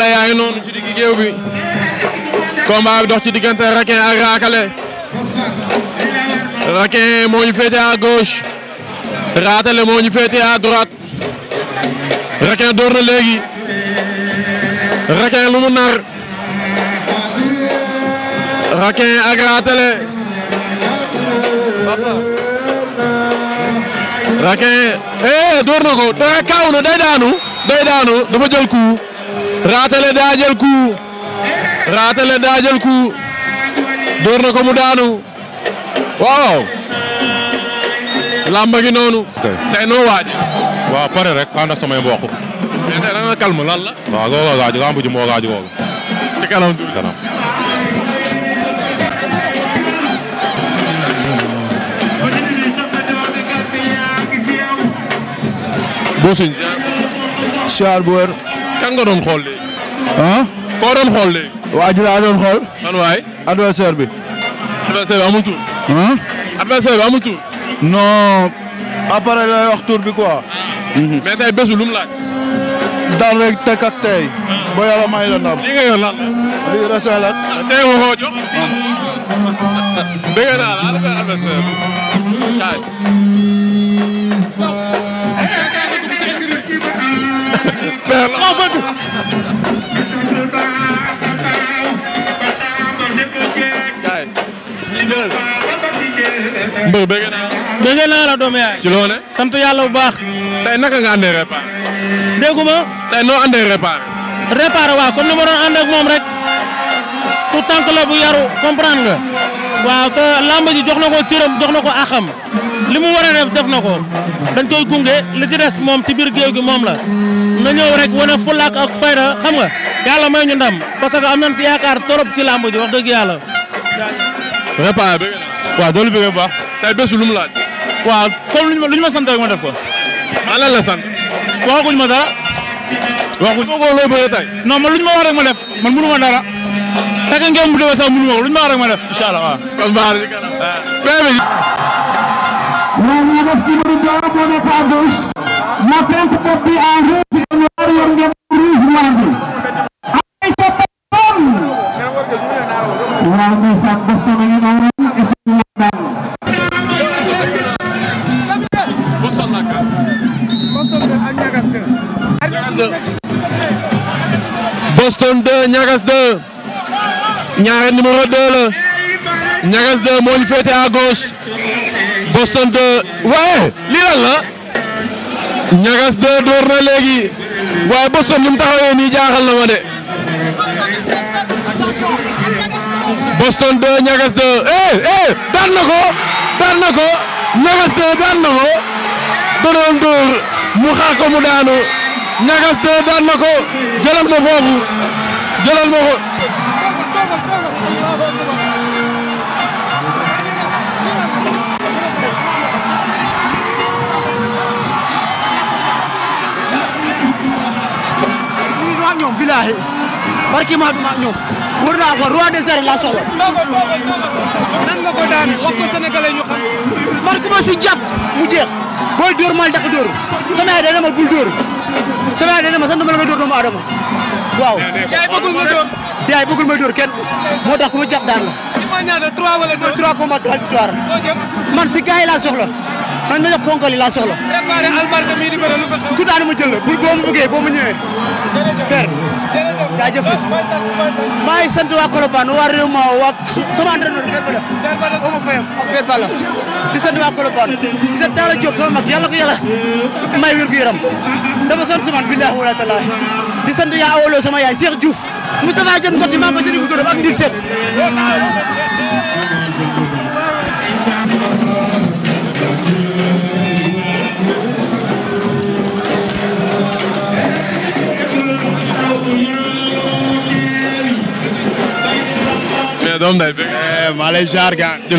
xale yaa ngi noonu ci digg géew bi combat bi dox ci diggante Rakin ak Raakale Rakin moo ñu féete gauche Raatale moo ñu féete droite Rakin door na léegi lu mu nar ak Raatale Rakin eh door na ko da kaaw na day daanu day daanu dafa jël coup raatale daa jël coup ko mu daanu waaw lamba gi noonu. tey noo waaj. pare rek ànd ak samay mbokk. mais tey da nga calme lan la. waaw googu gaaju lamb ji moo kan nga doon xool ah. koo doon xool léegi. waa ji laa doon xool. man waay. adversaire bi. adversaire bi amul tur. ah. adversaire bi amul tur. non. après lay wax tur bi quoi. Ah. Mhm. mais tey bés bi lu mu laaj. daal rek teg ak tey. Ah. ba yàlla may la ndam. lii nga yor lan la. lii rasa la. Ah, tey ma koo jox. dégg naa la adversaire bi. père laa bëgg gaay mbër bëgg naa la doom yaay ci loole sant yàlla bu baax tey naka nga àndee réparé dégguma tey noo àndee réparé réparé waaw kon ni ma doon ànd ak moom rek tout tànk la bu yaru comprendre waaw te lamb jox na ko cëram jox na ko axam li mu war a def na ko dañ koy gunge li ci des moom ci biir géew gi moom la na ñëw rek wane fulaak ak fayda xam nga yàlla may ñu ndam parce que am nañ yaakaar trop ci làmb ji wax dëgg doolu bëgg bu baax. tey bésu lu mu laaj. waaw comme lu ñu ma sant rek ma def ko. maa lan la sant. waxaguñ ma dara. waxuñ ma ko loo bëgg tey. non man ma wax rek ma def man mënu ma dara. takk ngeen bu déwé sax mënu ma ko lu ñu ma wax rek ma def incha allah waaw. kon baax na ci Boston 2 Niagas 2 ñaare numéro moo ñu féete à Boston 2 waaye lii lan la Niagas 2 door léegi waa Boston ni taxawee nii jaaxal na ma de. Boston 2 Niagas 2 eh eh daan ko daan ko Niagas 2 daan na ko doon dóor mu xaar mu daanu Niagas 2 daan ko jëlal ma foofu jëlal ma ko. billahi barki maa duma ñoom wër naa ko roi des arènes la soxla. nan nga ko daane wax ko sénégalais ñu xam. man ku ma si jàpp mu jeex booy dóor mal dàq dóor sama yaay dana ma bul dóor sama yaay dana ma sant ma la nga dóor doomu aadama waaw. yaay bëggul ma dóor. yaay bëggul ma dóor kenn moo tax ku ma jàpp daan la. li ma ñaata 3 wala 2 3 combats 3 victoire man si gars yi laa soxla. man ma jox ponkal yi laa soxla. ku daanu ma jël la bu boo ma bëggee boo ma ñëwee. per jaajëf la maa ngi sant waa Colobane waa réew ma waa sama entraîneur per ba la boo ma fayam per ba di sant waa Colobane di sant Talla Diop sama mag yàlla ko yàlla may wér gu yaram dafa sant sama billahi wala taala di sant yaa awoloo sama yaay Cheikh Diouf Moustapha Diop Ngoti maa ngi ko sëriñ bu ak Ndik Seck doom day bëgg eh, ga ci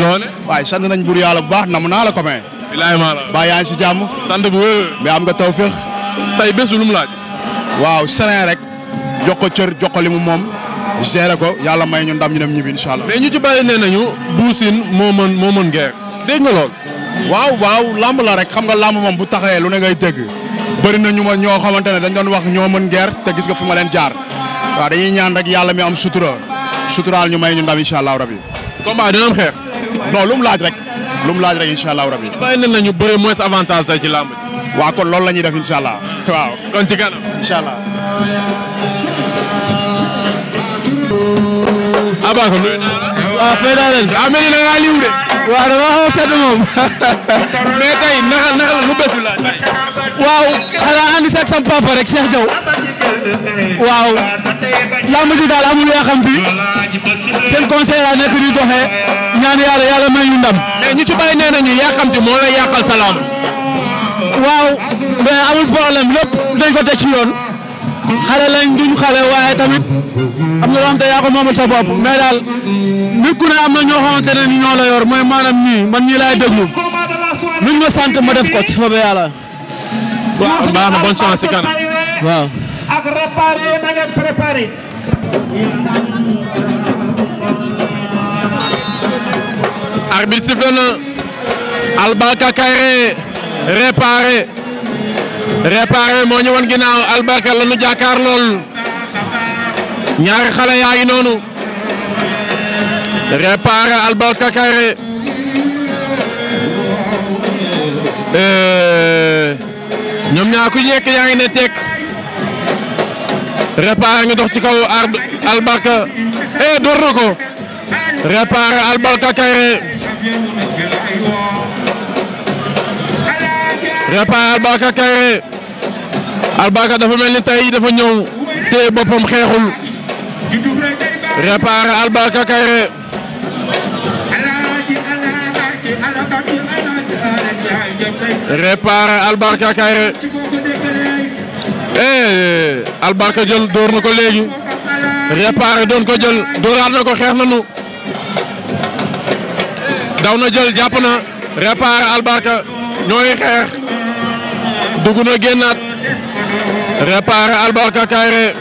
waaye sant nañ bur yàlla bu baax nam naa la copain bilaay yaa ngi jàmm sant am nga tawféex tey bésu lu mu laaj waaw rek jox ko cër jox li mu moom géré ko yàlla may ñu ndam ñu dem ñibbi incha allah mais ñu ci bàyyi nee nañu buusin moo mën moo mën geer dégg nga lool waaw waaw lamb la rek xam nga làmb moom bu taxawee lu ne ngay dégg bari na ñu ma ñoo xamante ne dañ doon wax ñoo mën geer te gis nga fu ma leen jaar waaw dañuy ñaan rek yàlla mi am sutura suturaal a may ñu ndam incha allahu rabi. combat dina am xeex. non lu mu laaj rek. lu mu laaj rek incha allahu rabi. bàyyi nañ ñu bëre ci làmb ji. waaw kon loolu la ñuy def incha kon ci kanam incha allah. abaa ko nuyu la. waaw fay naa leen. ah mel ngaa liw de. waaw dama xaw a sedd moom. mais tey naka naka la lu bés bi la tey. waaw xanaa andi sax sama papa rek Cheikh Diaw. waaw. lamb ji daal amul yaa xam fi seen conseil la nekk di ñaan yàlla yàlla may ñu ci bàyyi nee nañu yaa xam te moo lay yàqal salaam. waaw mais amul problème lépp dañ ko teg ci yoon. xale lañ duñ xale waaye tamit am te yaa ko moomal sa bopp mais daal. nit ku ne am na ñoo xamante ne ni ñoo la yor mooy maanaam ñii man ñii laay déglu ma sant ma def ko ci fa ba yàlla. waaw baax na bonne si kanam. waaw. ak réparé na ngeen préparé. arbitre sifflé na Albarka Kairé réparé réparé moo ñëwoon ginnaaw Albarka la nu jàkkaar lool ñaari xale yaa noonu. réparé Albert Kakaire eh, ñoom ñaa ku nekk yaa ngi ne tekk réparé nga dox ci kaw Albert eh door na ko réparé Albert Kakaire réparé Albert Kakaire Albarka dafa mel ni tey dafa ñëw téye boppam xeexul réparé Albarka Kairé réparé Albarka Kairé eh Albarka jël door ko léegi réparé doon ko jël dooraat na ko xeex nañu daw na jël jàpp na réparé Albarka ñooy xeex dugg na génnaat Albarka Kairé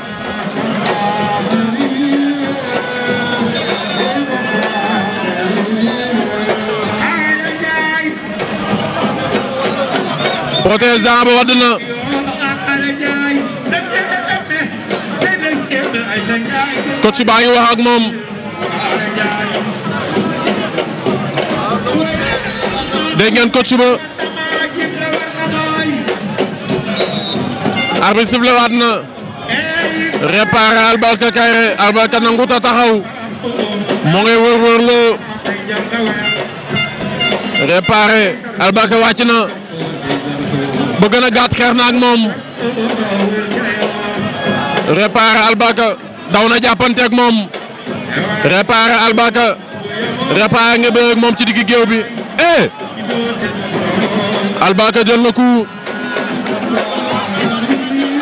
protège Zaa ba wadd na moom dégg ngeen coach ba arbitre sifflé waat na réparé Albarka Kairé Albarka nanguta taxaw mu ngi ba gën a gàtt xeex na moom Réparé Albarka daw na jàppanteeg moom Réparé Albarka Réparé nga bëgg moom ci digg géew bi eh Albarka jël na coup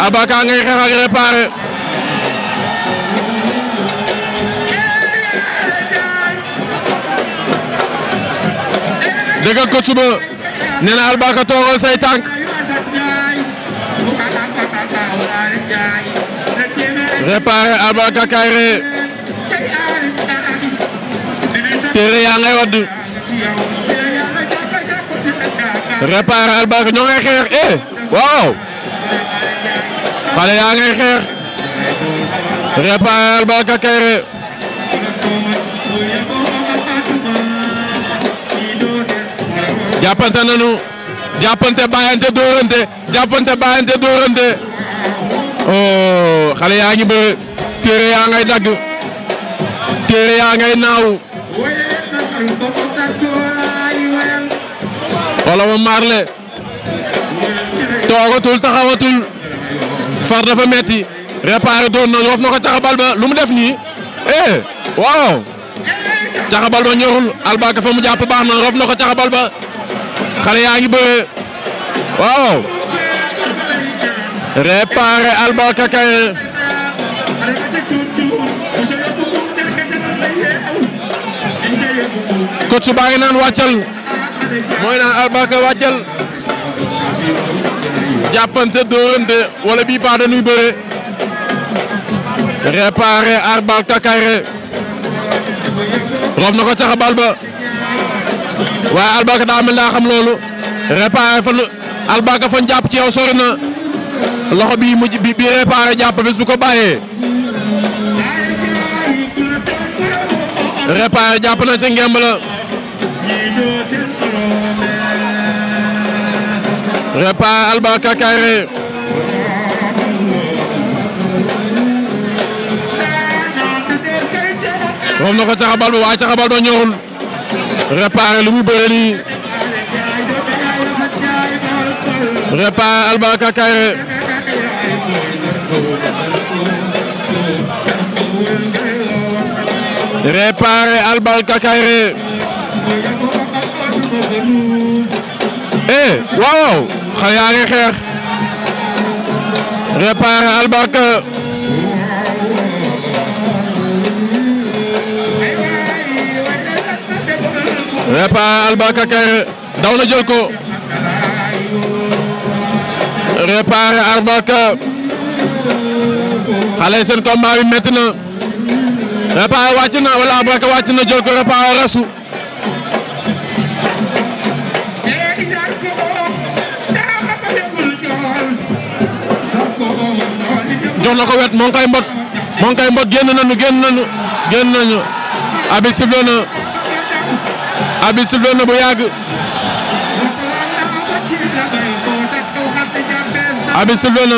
Albarka ngay xeex ak Réparé dégg nga suba nee na toogal say tànk. réparé Alba Kakayré téere yaa ngay wadd réparé Alba ñoo ngay xeex eh waaw xale yaa ngay xeex réparé Alba Kakayré jàppante nañu jàppante bàyyante dóorante jàppante bàyyante dóorante oh xale yaa ngi bëre téere yaa ngay dagg téere yaa ngay naaw wala ma marle toogatul taxawatul far dafa metti réparé doon na woof ko caxabal ba lu mu def nii eh waaw caxabal ba ñorul albaka fa mu jàpp baax na roof ko caxabal ba xale yaa ngi bëre waaw réparé Albarka Kairé coach baa ngi naan wàccal mooy naan Albarka wàccal jàppante dóorante wala bii baa dañuy bëre Albarka Kairé roof ko caxa bal waaye Albarka daa daa xam loolu réparé fan Albarka fan jàpp ci yow sori na loxo bii mu bi bii réparé jàpp bés bu ko bàyyee jàpp na ca ngemb la réparé Alba Kakare rof na ko caxabal ba waaye caxabal ba ñorul réparé lu mu bëre nii réparé réparé Albarka Kairé eh waaw xale yaa ngi xeex réparé Albarka réparé Albarka Kairé daw na jël ko réparé Albarka xale seen combat bi métti na. Repaay wàcc na wala Abraka wàcc na jël ko Repaay jox na ko wet moo koy mbot moo génn nañu génn nañu génn nañu abi sifflé na abi na bu yàgg abi sifflé na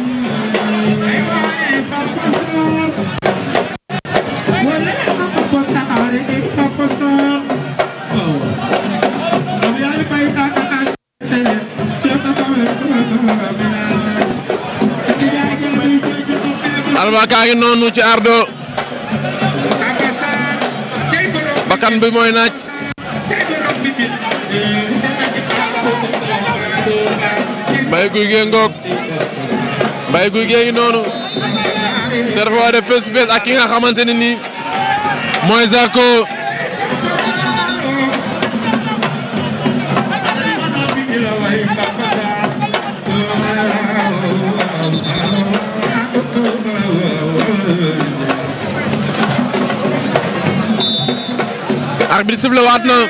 bakaan kaa noonu ci Ardo bi mooy naaj mbay guy gee ngoog mbay guy gee ngi noonu te dafa war a ak ki nga xamante ne nii mooy arbitre sifflé waat na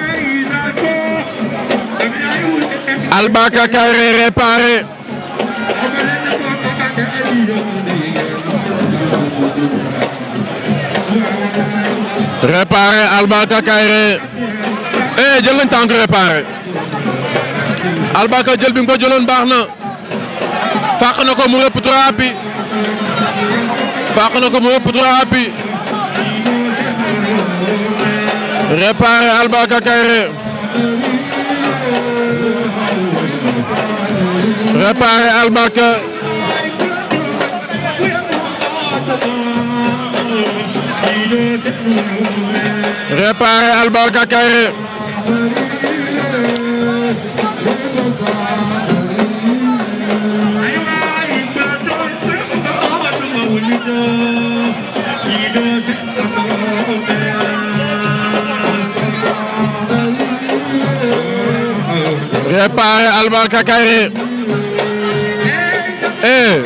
Albarka Kairé réparé réparé Albarka Kairé eh jël nañ tànk réparé Albarka jël bi nga ko jëloon baax na fàq na ko mu rëpp trois réparé Albarka Kairé réparé Albarka réparé Albarka Kairé Réparé Albarka Kairé eh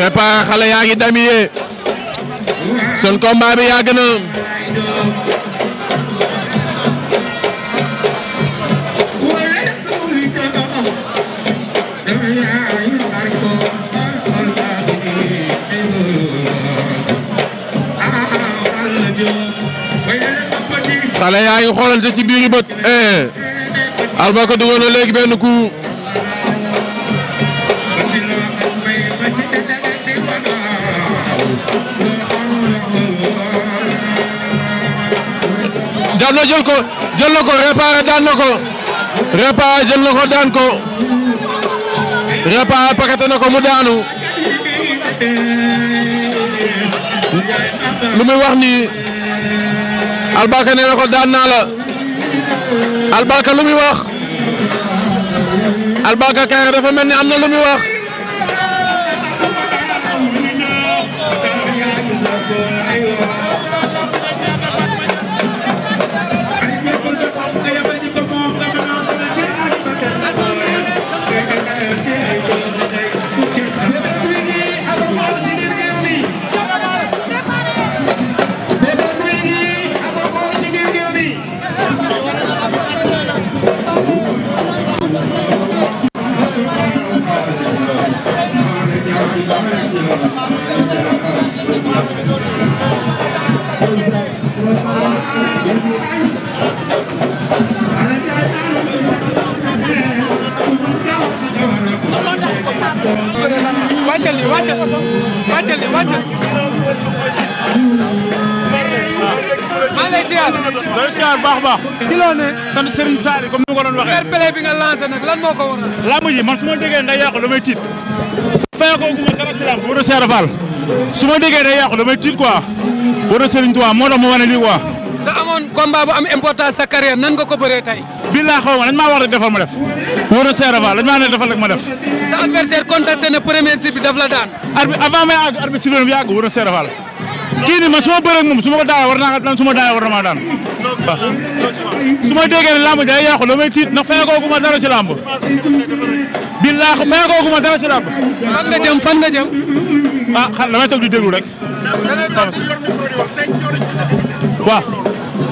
Réparé xale yaa ngi damiyee seen combat bi yàgg na xale yaa ngi xoolante ci biir bët eh Albarka dugal na léegi benn coup daan na jël ko jël daan na ko réparé jël na ko daan ko réparé pakete na ko mu daanu lu muy wax ni Albarka nee na ko daan naa la Albarka lu wax Albarka Kaïré dafa mel ni am na lu muy wax. ni wàccal wàccal ni wàccal maa ngi siyaar baax baax ci loo ne sant Serigne Sall comme ni ma ko bi nga lancé nag man su déggee day yàqu damay tiit fayakoguma dara ci làmb wóor na Serigne Fall su ma déggee day yàqu damay tiit quoi wóor na Serigne moo tax ma wane lii combat bu am importance sa carrière nan ko ko bëree tey. bilaa xaw ma dañ maa war a defal ma def. wóor na Serap dañ maa ne defal rek ma def. sa adversaire contesté na premier sip bi daf la daan. avant may àgg arbi na Serap kii nii man su ma bëree ak moom su ma war na daan su ma daawee war na maa daan. waaw su ma déggee ne làmb day yàqu damay tiit ndax fayagoogu ma dara ci làmb. bilaa fayagoogu ma dara ci làmb. fan nga jëm fan nga jëm. ah xanaa damay toog di déglu rek. waaw.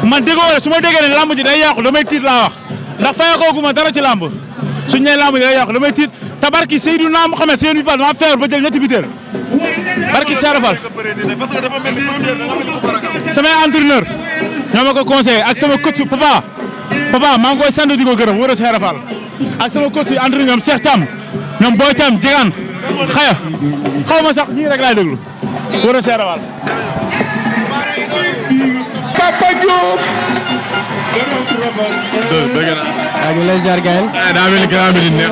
man déggoo la su ma déggee ne lamb ji day yàqu damay tiit laa wax ndax fayakoogu ma dara ci lamb suñ ne lamb ji day yàqu damay tiit te barki Seydina Mouhamed seen bal maa feebar ba jël ñetti bitéel barki Serafal samay entraîneur ñoo ma ko conseillé ak sama coach papa papa maa ngi koy sant di ko gërëm wër a Serafal ak sama coach entraîneur ñoom Cheikh Thiam ñoom Boy Thiam Diegane xaya xaw ma sax ñii rek laay déglu wër a Serafal Diouf. dëgg dëgg la. waaw ñu ngi lay ziar gars yi. Eh, daa de.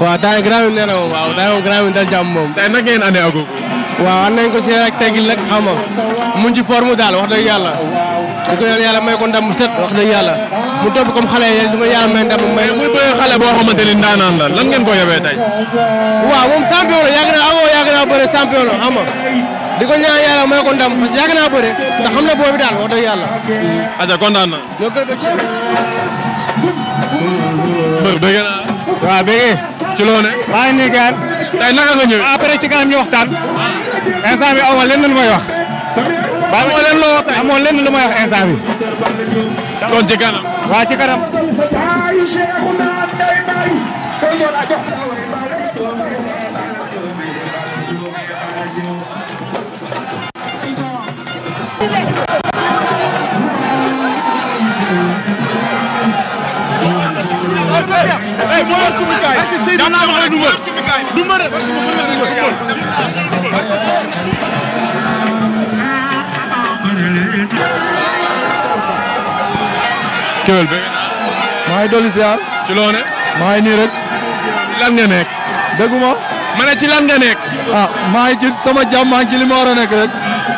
waaw daa grand bi neex na si rek teggil rek xam nga mu ngi daal wax dëgg yàlla. di ko ñaan yàlla may ko ndam bu set wax xale yi may ndam may muy bëgg xale boo xamante ni ndaanaan la lan ngeen ko yebee tey. waaw moom champion la yàgg naa awoo yàgg naa bëre champion la xam di ko ñaan yàlla may ko ndam parce que yàgg naa bëre ndax xam na boobu daal wax dëgg yàlla. aja kontaan naa. ñoo gën ko ci. mbër bëgg naa. waaw bëggee. ci loone maa ngi nii gaan. tey naka nga ñëw. après ci kanam ñu waxtaan. Ah. instant bi amoo lenn lu loo wax amoo lenn lu may wax instant bi. kon ci kanam. waa ci kanam. ay moo yor kumikaay Kewel be maa ngi dolli ci loo ne maa ngi rek lan nga nekk dégguma ma ne ci lan nga nekk ah maa ngi sama jàmm maa ngi ci li ma war nekk rek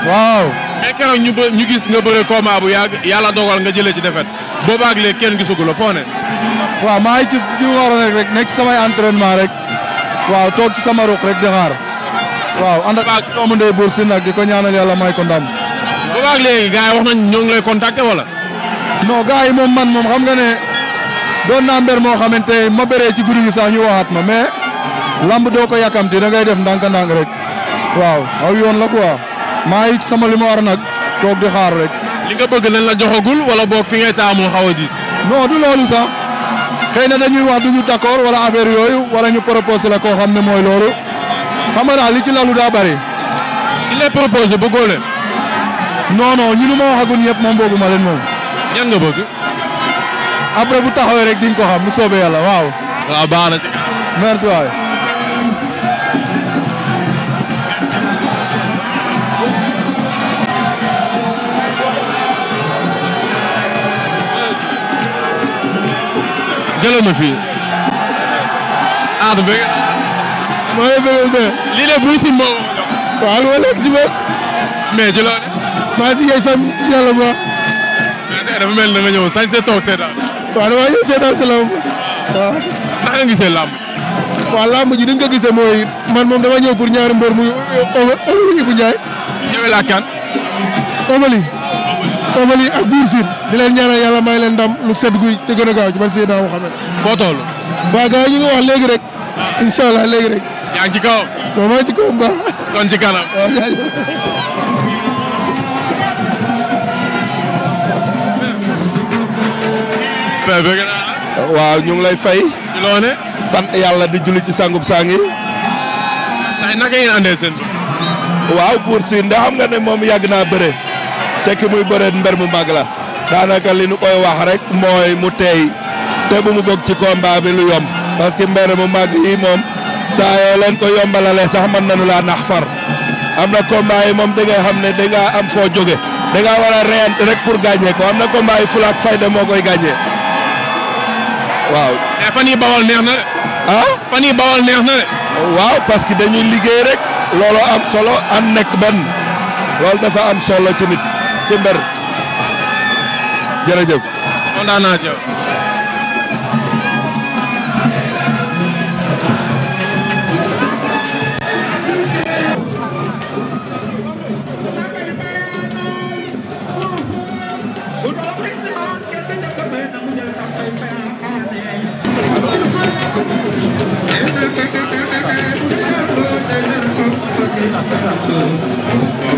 waaw mais keroog ñu gis nga bëre combat bu yàgg yàlla dogal nga jëlee ci defet boobaag léegi kenn gisagu la foo waaw maa ngi ci li ma war a rek nekk ci samay entraînement rek waaw toog ci sama ruq rek di xaar waaw ànd ak doomu ndey buur si nag di ko ñaanal yàlla may ko ndam. booba ak léegi gars yi wax nañ ñoo ngi lay contacter wala. non gars yi moom man moom xam nga ne doon naa mber moo xamante ma bëree ci guddi gi sax ñu waxaat ma mais lamb doo ko yàkkamti da ngay def ndànk-ndànk rek waaw aw yoon la quoi maa ngi ci sama li ma war nag toog di xaar rek. li nga bëgg lañ la joxagul wala boog fi a diis. xëy na dañuy wax duñu d'accord wala affaire yooyu wala ñu proposé la koo xam ne mooy loolu xam nga li ci lalu daa bëri. il est proposé bëggoo leen. non non ñi nu ma waxagul ñëpp moom boobu ma leen moom. ñan nga bëgg. après bu taxawee rek di ko xam bu soobee yàlla waaw. waaw ah, baax na merci waay. dalal ma fii. ah du bëgg. maa ngi bëgg de. lii de buy si moom. waaw lu ma lekk ci bopp. mais ci loolu. maa si yéeg fan yàlla bu baax. mais dafa mel na nga ñëw sañ see toog seetaan. waaw damaa ñëw seetaan si lamb. waaw. ndax nga gisee lamb. waaw lamb ji ni nga ko gisee mooy man moom dama ñëw pour ñaari mbër muy Omali Ibou Ndiaye. ñëwee laa kan Omali. Obali ak Buur Sine di leen ñaanal yàlla may leen ndam lu sedd guy te gën a gaaw ci ban Seydina Muhammad foo toll waaw gars yi wax léegi rek incha allah rek yaa ngi ci kaw waaw maa ngi ci waaw ñu lay fay ci loone sant yàlla di julli ci sangub sang yi tey naka ngeen andee seen waaw Buur Sine da xam nga ne moom yàgg naa bëre tekki muy bëreet mber mu mag la daanaka li nu koy wax rek mooy mu teey te bu mu bokk ci combat bi lu yomb parce que mber mu mag yi moom saa leen ko yombalale sax mën nañu laa nax far am na combat yi moom da xam ne danga am foo jóge da ngaa war a reyant rek pour gagner ko am na combat yi fulaak fayda moo koy gagner waaw. Eh, fan yii bawol neex na de. ah fan yii bawol neex na de. waaw parce que dañuy liggéey rek. looloo am solo an nekk benn loolu dafa am ci mbër jërëjëf. kontaan naa ci yow. Thank you.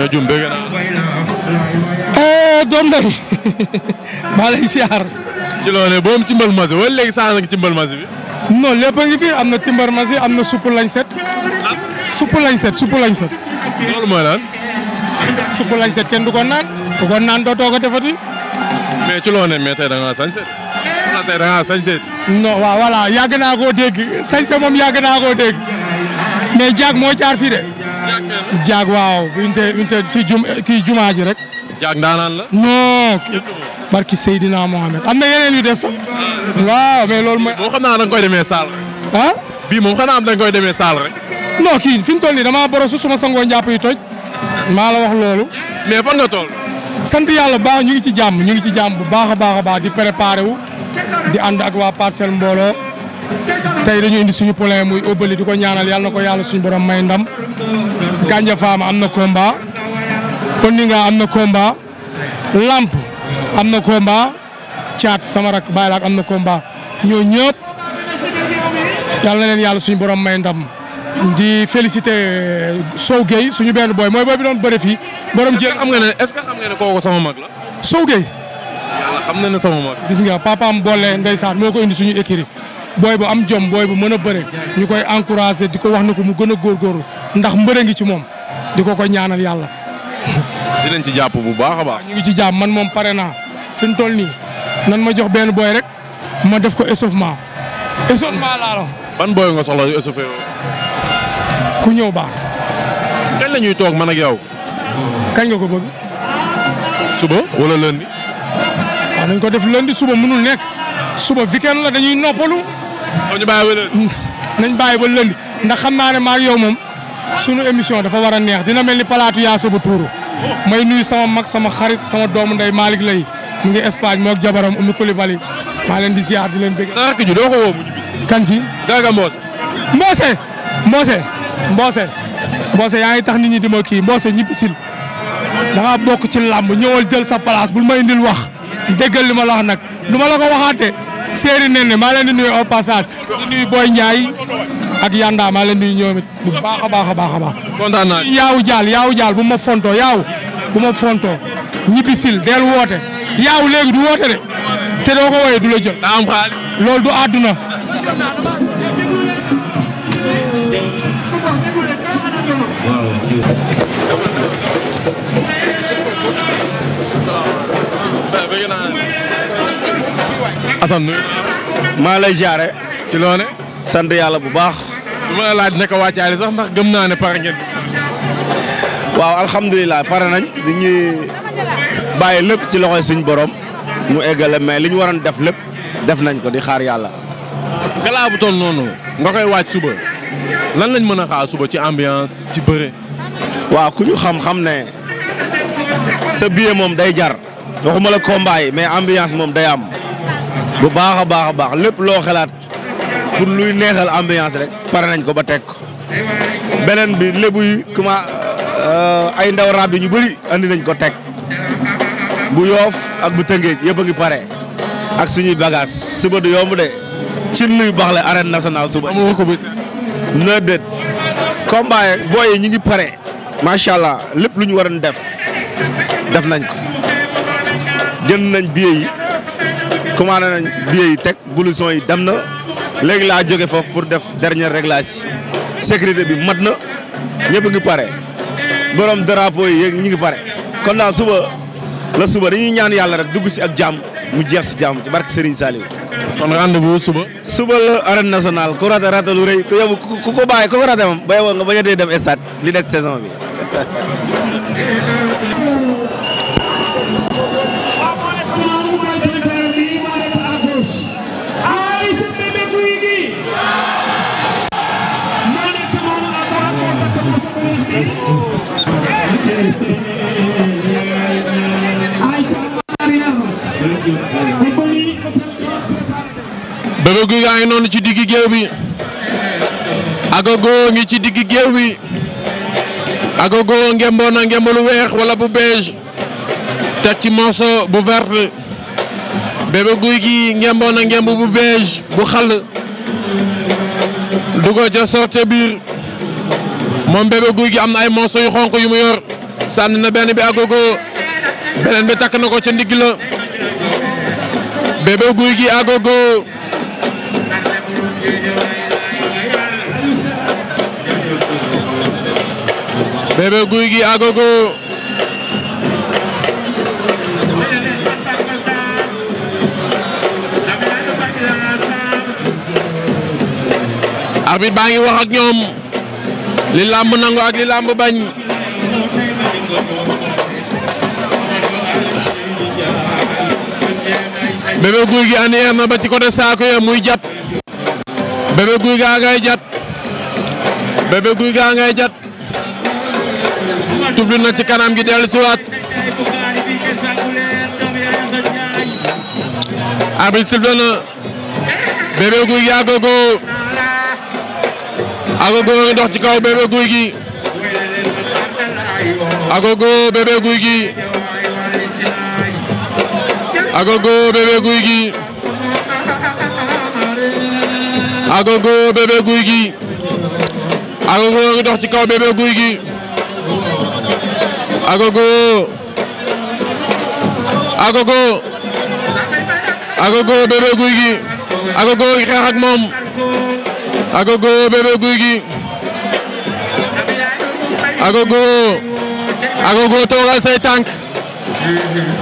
ma jum bëgg naa. Eh, doom day maa lay siyaar. ci loolee boobu ci mbal masi wala léegi saa nga ci masi bi. non lépp ngi fi am na timbar masi am na suppu lañ set. suppu lañ set suppu lañ set. loolu mooy lan. suppu kenn du ko naan. du ko naan dootoo ko defati. mais ci loolee mais tey da ngaa sañ ah, waaw voilà yàgg naa ko dégg sañ moom yàgg naa ko dégg mais jaag moo jaar fii de. jaag waaw unité unité si jum kii jumaa ji rek. jaag daanaan la. non. barki Seydina Mohamed am na yeneen yu des sax. waaw mais loolu mooy. boo xam naa da nga koy demee Saal. ah. bii moom xanaa da nga koy demee rek. non kii fi mu toll nii damaa boros su ma sangoo njàpp yi toj. maa la wax loolu. mais fan nga toll. sant yàlla baax ñu ngi ci jàmm ñu ngi ci jàmm bu baax a baax a baax di préparé wu. di ànd ak waa parcelle mbooloo. tey dañu indi suñu poulain muy Obali di ko ñaanal yàlla na suñu borom may ndam. Gandia Fama am na combat Kondinga am na combat Lamp am na combat Thiat sama rak Baye am na combat ñoo ñëpp yàlla na leen yàlla suñu borom may ndam di féliciter euh, Sow Gueye suñu benn booy mooy booy bi doon bëri fii borom jéem xam nga ne est-ce que xam sama mag la. Sow Gueye. yàlla xam na ne sama mag. gis nga papaam boole moo ko indi suñu écurie booy bu am jom booy bu mën a bëre ñu koy encouragé di ko wax na ko mu gën a góorgóorlu ndax mbëre ngi ci moom di ko ko ñaanal yàlla. dinañ ci jàpp bu baax a baax. ñu ngi ci jàpp man moom pare naa fi mu toll nii nan ma jox benn booy rek ma def ko échauffement échauffement laa la. ban booy nga soxla échauffé ku ñëw baax. kañ la ñuy toog man a yow. kañ nga ko bëgg. suba wala lundi. waaw ah, nañ ko def lundi suba mënul nekk suba weekend la dañuy noppalu. ñu bàyyi ba nañ bàyyi ba lënd ndax xam naa ne maa yow moom sunu émission dafa war a neex dina mel ni palaatu yaasu bu tuuru may nuyu sama mag sama xarit sama doomu ndey Malick lay mu ngi Espagne moog jabaram Oumy Coulibaly maa leen di ziar di leen bëgg. sa rakk ji doo ko woo mu ñu bis. kan ci. Garga Mbossé. yaa ngi tax ni ñi di ma kii mboose ñibbi sil da ngaa bokk ci làmb ñëwal jël sa place bul may indil wax déggal li ma la nag du ma la ko waxaatee. Séeri Nene maa leen di nuyu au passage di nuyu Boy Ndiaye ak Yanda maa leen di nuyu ñoom bu baax a baax a baax a baax. kontaan yaaw jaal yaaw jaal bu ma fontoo yaaw bu ma fontoo ñibbi del woote yaaw léegi du woote de te doo ko du la jël. du àdduna. Assane maa lay jaare ci loone sant yàlla bu baax. du ma la laaj naka wàccaay sax ndax gëm naa ne pare ngeen. waaw alhamdulilah pare nañ di ñuy bàyyi lépp ci loxo loxoy suñ borom mu eggale mais li ñu waroon def lépp def nañ ko di xaar yàlla. galaa bu toll noonu nga koy waaj suba lan lañ mën a xaar suba ci ambiance ci bëre. waaw ku ñu xam-xam ne sa billet moom day jar waxuma la combat yi mais ambiance moom day am. bu baax a baax a baax lépp loo xalaat pour luy neexal ambiance rek pare nañ ko ba teg ko beneen bi lébu yi comment euh, ay ndaw rab yi ñu bëri andi nañ ko teg bu yoof ak bu tëngeej yëpp a ngi pare ak suñuy bagage suba du yomb de ci luy baax la arène nationale suba. amoo ko bés. na déet combat booy yi ñu ngi pare macha allah lépp lu ñu waroon def def nañ ko jënd nañ billet yi. commandé nañ billets yi teg blouson yi dem na léegi laa jóge foofu pour def dernier réglage sécurité bi mat na ñëpp ngi pare borom drapeau yi ñu ngi pare. kon daal suba la suba dañuy ñaan yàlla rek dugg si ak jàmm mu jeex si jàmm ci barke Serigne Saliou. kon rendez-vous suba. suba la arène nationale ku rate rate lu rëy ku yóbbu ku ko bàyyi ku ko rate ba yóbbu nga bañ a dee dem li des saison bi. Bébé Gouy Gui ngi noonu ci diggi géew bi ngi ci diggi géew bi Agogo ngemboo na ngemb lu wala bu beige bu verte Bébé Gouy Gui ngemboo na ngemb bu beige bu xàll dugoo ca sorte biir moom Bébé Gouy Gui am na ay moso yu xonq yu mu yor sànni na benn bi Agogo beneen bi takk na ko ca ndigg la Bébé Gouy Gui Agogo Bébé Gouy Gui Agogo arbitre baa ngi wax ak ñoom li làmb nangu ak li làmb bañ Bébé Gouy Gui aneer na ba ci côté saako ya muy jat Bébé Gouy Gui a jat jàpp Bébé Gouy Gui a tuflit na ci kanam gi dellu siwaat arbitre sifflé na Bébé Gouy Gui Agogo Agogo ngi dox ci kaw Bébé Gouy Gui Agogo Bébé Gouy Gui Agogo Bébé Gouy Gui Agogo Bébé Gouy Gui Agogo ngi dox ci kaw Bébé Gouy Gui agogo agogo agogo bébé guy gi agogo xeex ak moom agogo bébé guy gi agogo agogo toogal say tànk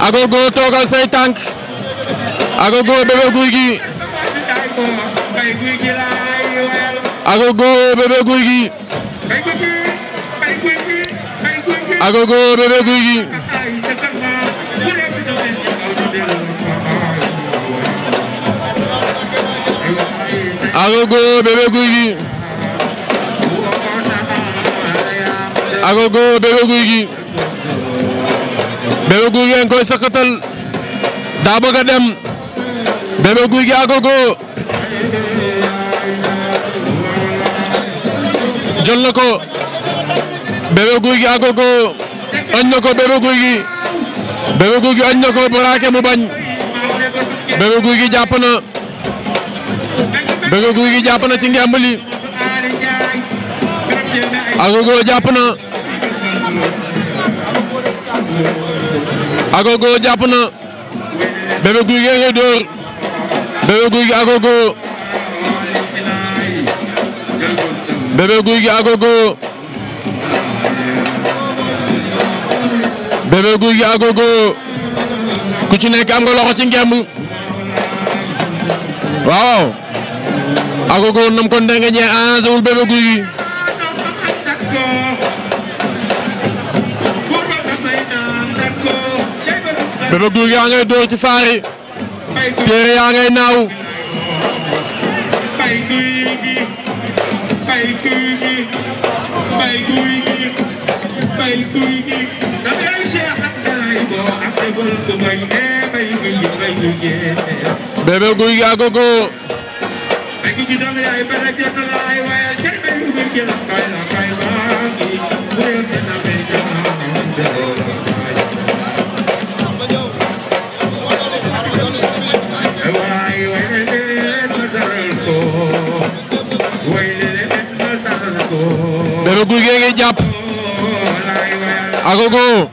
agogo toogal say tànk guy gi agogo bébé guy gi agogo bébé guy gi agogo bébé guy gi agogo gi bébé guy gi ngi koy sëkkatal daa bëgg dem bébé guy gi agogo jël na ko Bébé Gouy Gui Agogo añ na ko Bébé Gouy Gui Bébé Gouy Gui añ na ko braqué mu bañ Bébé Gouy Gui jàpp na Bébé Gouy Gui jàpp na ci ngemb li Agogo jàpp na Agogo jàpp na Bébé Gouy Gui ngay dóor Bébé Gouy Bébé Gouy Gui Agogo ku ci nekk am nga loxo ci ngemb waaw Agogo nam ko ndenge ñee arrangé wul Bébé Bébé Gouy Gui yaa dóor ci faari téere yaa naaw Bébé Gouy Gui Agogo Bébé Gouy Gui ngi jàpp Agogo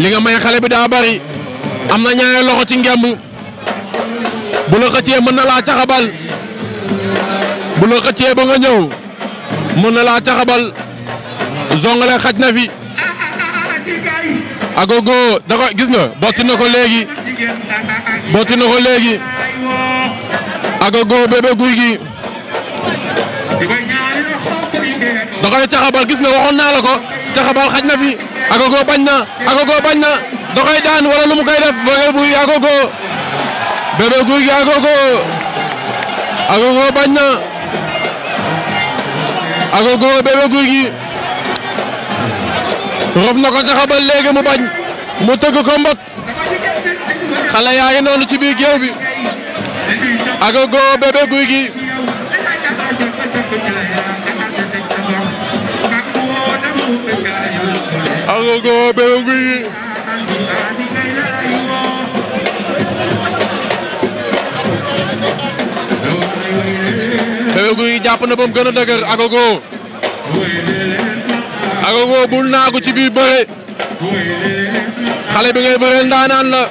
li nga may xale bi daa bari am na ñaari loxo ci ngemb bu la xëccee mën na laa caxabal bu la xëccee ba nga ñëw mën na laa caxabal zongale xaj na fi agogo da ko gis nga botti na ko léegi botti na ko léegi agogo bébé guy gi da koy caxabal gis nga waxoon naa la ko caxabal xaj na fi. Agogo bañ na Agogo bañ na da koy daan wala lu mu koy def Bébé Gouy Gui Agogo Bébé Gouy Gui Agogo bañ na Agogo Bébé Gouy Gui rof na ko taxabal léegi mu bañ mu tëgg ko mbot xale noonu ci biir géew bi Agogo Bébé Gouy Gui Sogo Bébé Gouy Gui Bébé jàpp na ba mu gën a dëgër Agogo Agogo bul naagu ci biir bëre xale bi ngay bëreel ndaanaan la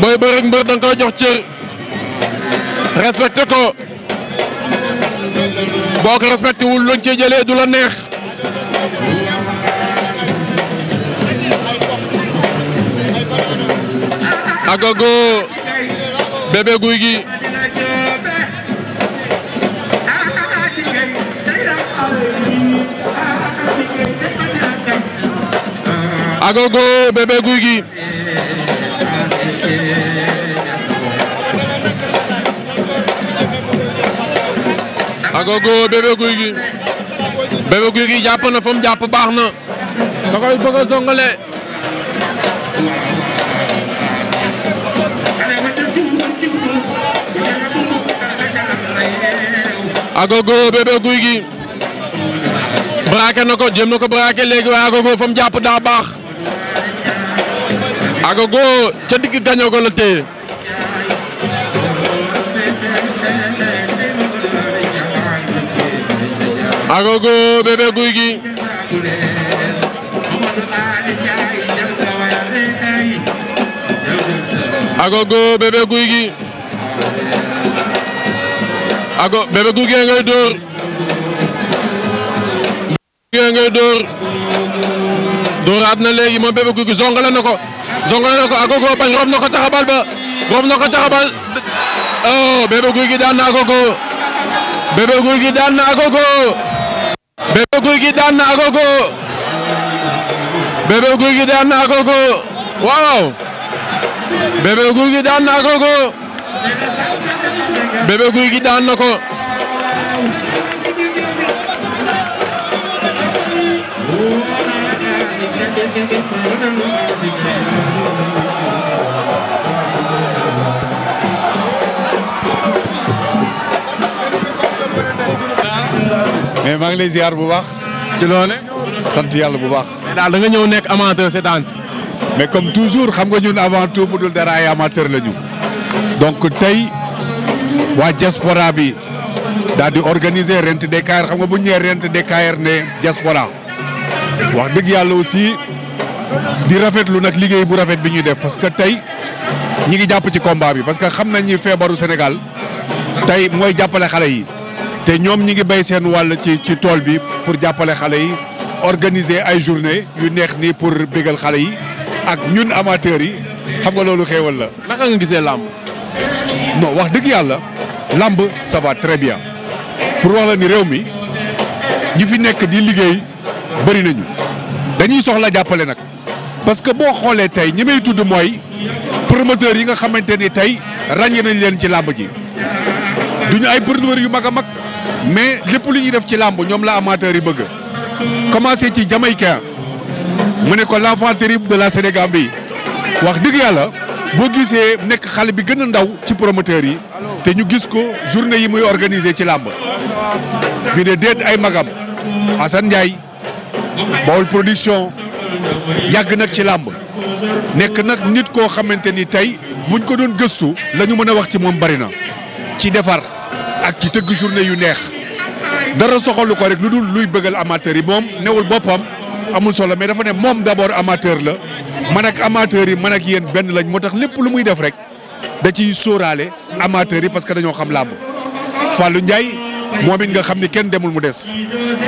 booy bëreeg mbër da nga jox cër respecté ko boo ko respecté wul luñ ci jëlee du la neex. Agogo Bébé Gouy Gui Agogo Bébé Gouy Gui Bébé Gouy na fa jàpp baax na da koy bëgg a zongale na ko jéem na ko léegi waaye Agogo fa mu jàpp daa baax Agogo ca digg gañoo ko la Agogo Bébé Gouy Gui Agogo Bébé Gouy Gui ago Bébé Gouy Gui ngay dóor Bébé Gouy Gui ngay dóor na léegi moom Bébé Gouy Gui zongale ko zongale ko Agogo bañ rof na ko caxabal ba rof na ko caxabal oh Bébé Gouy Gui daan na Agogo Bébé Gouy Gui daan na Agogo Bébé Gouy Gui daan na Agogo Bébé Gouy Gui daan waaw na ko mais maa ngi lay ziar bu baax. ci loone sant yàlla bu baax. mais daal da nga ñëw nekk amateur c'est mais comme toujours xam nga ñun avant tout bu dul dara ay amateur la ñu. donc tey waa diaspora bi daal di organiser rent DKR xam nga bu ñu nee rent DKR ne diaspora wax dëgg yàlla aussi di rafetlu nag liggéey bu rafet bi ñuy def parce que tey ñi ngi jàpp ci combat bi parce que xam nañ ni feebaru Sénégal tey mooy jàppale xale yi. te ñoom ñi ngi bay seen wàll ci ci tool bi pour jàppale xale yi organiser ay journée yu neex nii pour bégal xale yi ak ñun amateurs yi xam nga loolu xewal la. naka nga gisee làmb. non wax dëgg yàlla làmb ça va très bien pour wax la ni réew mi ñi fi nekk di liggéey bëri nañu dañuy soxla jàppale nag parce que boo xoolee tey ñi tudd mooy promoteurs yi nga xamante ni tey ràññee nañ leen ci làmb ji duñu ay promoteurs yu mag a mag mais lépp lu ñuy def ci làmb ñoom la amateur yi bëgg commencé ci jamaïcain mu ne ko l'enfant terrible de la sénégal Sénégambie wax dëgg yàlla boo gisee nekk xale bi gën ndaw ci promoteur yi te ñu gis ko journée yi muy organiser ci làmb bi ne déet ay magam Assane Ndiaye Baol production yàgg nag ci làmb nekk nag nit koo xamante ni tey buñ ko doon gëstu lañu mën a wax ci moom bari na ci defar ak ci tëgg journée yu neex dara soxalu ko rek lu dul luy bëggal amateur yi moom newul boppam amul solo mais dafa ne moom d'abord amateur la man ak amateur yi man ak yéen benn lañ moo tax lépp lu muy def rek da ciy sóoraale amateur yi parce que dañoo xam làmb Fallou Ndiaye moom it nga xam ni kenn demul mu des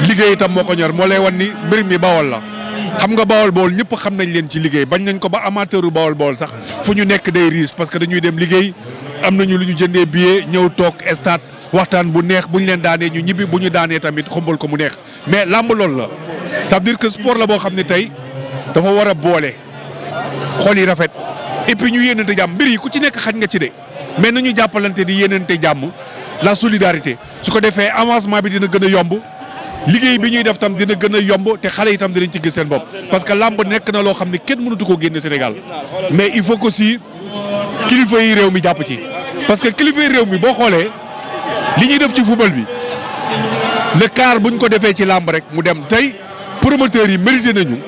liggéey itam moo ko ñor moo lay wan ni mbir mi bawol la xam nga bawol bawol ñëpp xam nañ leen ci liggéey bañ nañ ko ba amateur u bawol bawol sax fu ñu nekk day riche parce que dañuy dem liggéey am nañu lu ñu jëndee billet ñëw toog stade waxtaan bu neex bu ñu leen daanee ñu ñibbi bu ñu daanee tamit xombal ko mu neex mais làmb loolu la ça veut que sport la boo xam ne tey dafa war a boole xool yi rafet et puis ñu yéenante jàmm mbir yi ku ci nekk xaj nga ci de mais nañu jàppalante di yéenante jàmm la solidarité su ko defee avancement bi dina gën a yomb liggéey bi ñuy def tam dina gën a yomb te xale yi tam dinañ ci gis seen bopp parce que làmb nekk na loo xam ni kenn mënatu koo génne Sénégal mais il faut que kilifa yi réew mi jàpp ci parce que kilifa réew mi boo xoolee li ñuy def ci football bi le quart bu ñu ko defee ci làmb rek mu dem tey promoteurs yi mérité nañu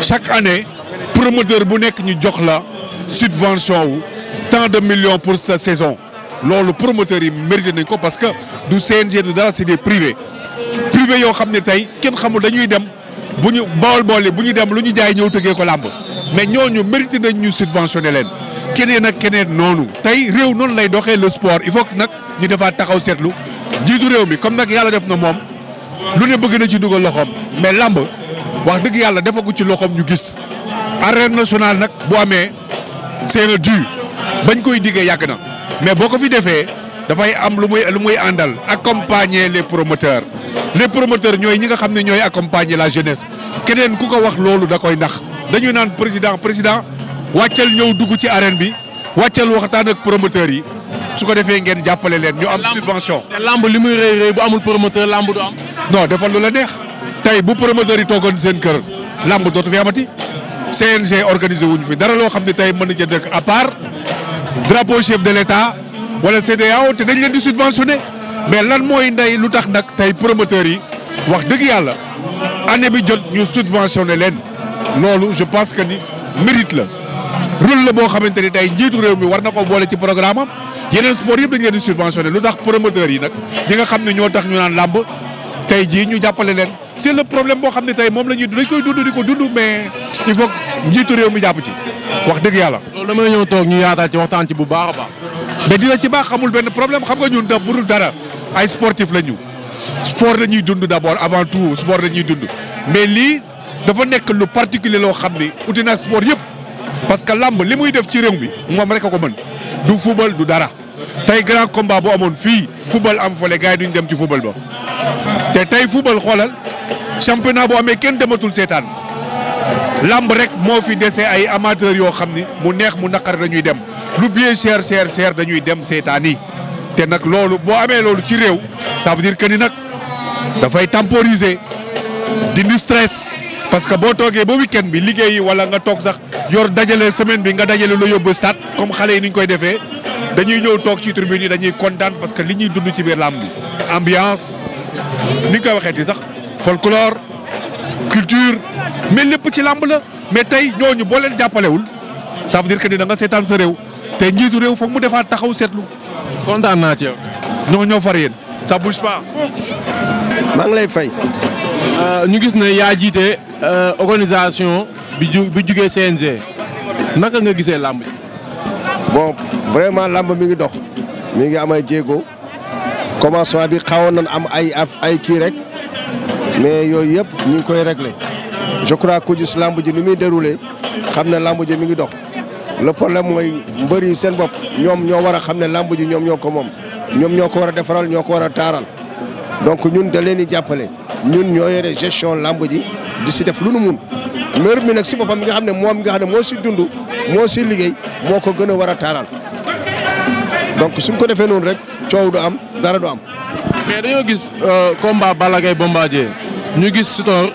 chaque année promoteur bu nekk ñu jox la subvention wu tant de millions pour sa saison loolu promoteurs yi mérité nañ ko parce que du CNG du dara c'est des privés privés yoo xam ne tey kenn xamul dañuy dem bu ñu bool bool bu ñu dem lu ñu jaay ñëw tëggee ko làmb mais ñooñu mérité nañ ñu subventionné leen keneen ak keneen noonu. tey réew noonu lay doxee le sport il faut nag ñu defaa taxaw seetlu jiitu réew mi comme nag yàlla def na moom lu ne bëgg na ci dugal loxoom mais làmb wax dëgg yàlla defagu ci loxoom ñu gis. arène nationale nag bu amee c'est le dû bañ koy diggee yàgg na mais boo ko fi defee dafay am lu muy lu muy àndal accompagner les promoteurs les promoteurs ñooy ñi nga xam ne ñooy accompagner la jeunesse keneen ku ko wax loolu da koy ndax. dañuy naan président président wàccal ñëw dugg ci arène bi wàccal waxtaan ak promoteurs yi su ko defee ngeen jàppale leen ñu am subvention lamb li muy rëy rëy bu amul promoteur lamb du am no defal lu la neex tey bu promoteurs yi toogoon seen kër lamb dootu fi amati CNG organisé wuñu fi dara loo xam ne tey mën na ca dëkk à part drapeau chef de l'état wala CEDEAO te dañ leen di subventionné mais lan mooy ndey lu tax nag tey promoteurs yi wax dëgg yàlla année bi jot ñu subventionné leen loolu je pense que ni mérite la rôle la boo xamante ni tey njiitu réew mi war na ko boole ci programme am yeneen sport yëpp dañ leen di subventionné lu tax promoteurs yi nag ñi nga xam ne ñoo tax ñu naan làmb tey jii ñu jàppale leen c'est le problème boo xam ne tey moom la ñuy dañ koy dund di ko dund mais il faut njiitu réew mi jàpp ci wax dëgg yàlla. loolu dama la ñëw toog ñu yaatal ci waxtaan ci bu baax a baax. mais dina ci baax xamul benn problème xam nga ñun tam budul dara ay sportif la ñu sport la ñuy dund d'abord avant tout sport la ñuy dund dafa nekk lu particulier loo xam ni uti na sport yëpp parce que làmb li muy def ci réew mi moom rek a ko mën du football du dara tey grand combat bu amoon fii football am fole gars duñu dem ci football ba te tey football xoolal championnat bu amee kenn dematul seetaan làmb rek moo fi dese ay amateur yoo xam ni mu neex mu naqar dañuy dem lu bien cher cher cher dañuy dem seetaan yi te nag loolu boo amee loolu ci réew ça veut dire que ni nag dafay temporiser parce que boo toogee ba week bi liggéey wala nga toog sax yor dajale semaine bi nga dajale lu yóbbu stade comme xale yi ni ñu koy defee dañuy ñëw toog ci tribune yi dañuy kontaan parce que li ñuy dund ci biir làmb ambiance ni ñu koy waxeeti sax folklore culture mais lépp ci làmb la mais tey ñooñu boo leen jàppalewul ça veut dire que ni na nga seetaan sa réew te njiitu réew foog mu defaa taxaw seetlu. kontaan naa ci yow. ñoo ñoo far yéen. ça bouge pas. maa ngi lay fay. Euh, ñu gis na yaa jiite euh, organisation bi ju bi jugee CNG naka nga gise làmb ji. bon vraiment lamb mi ngi dox mi ngi am jéego commencement bi xawoon nañ am ay ay kii rek mais yooyu yëpp ñu ngi koy régler je crois que làmb ji ni muy déroulé xam ne làmb ji mi ngi dox le problème mooy mbër yi seen bopp ñoom ñoo war a xam ne làmb ji ñoom ñoo ko moom ñoom ñoo ko war a defaral ñoo ko war a taaral. donc ñun da leen di jàppale ñun ñoo yore gestion lamb ji di si def lu nu mun maire mi nag si boppam mi nga xam ne moom mi nga moo si dund moo si liggéey moo ko gën a war a taaral donc suñ ko defee noonu rek coow du am dara du am. mais dañoo gis euh, combat Balla Gaye Bombardier ñu gis Sitor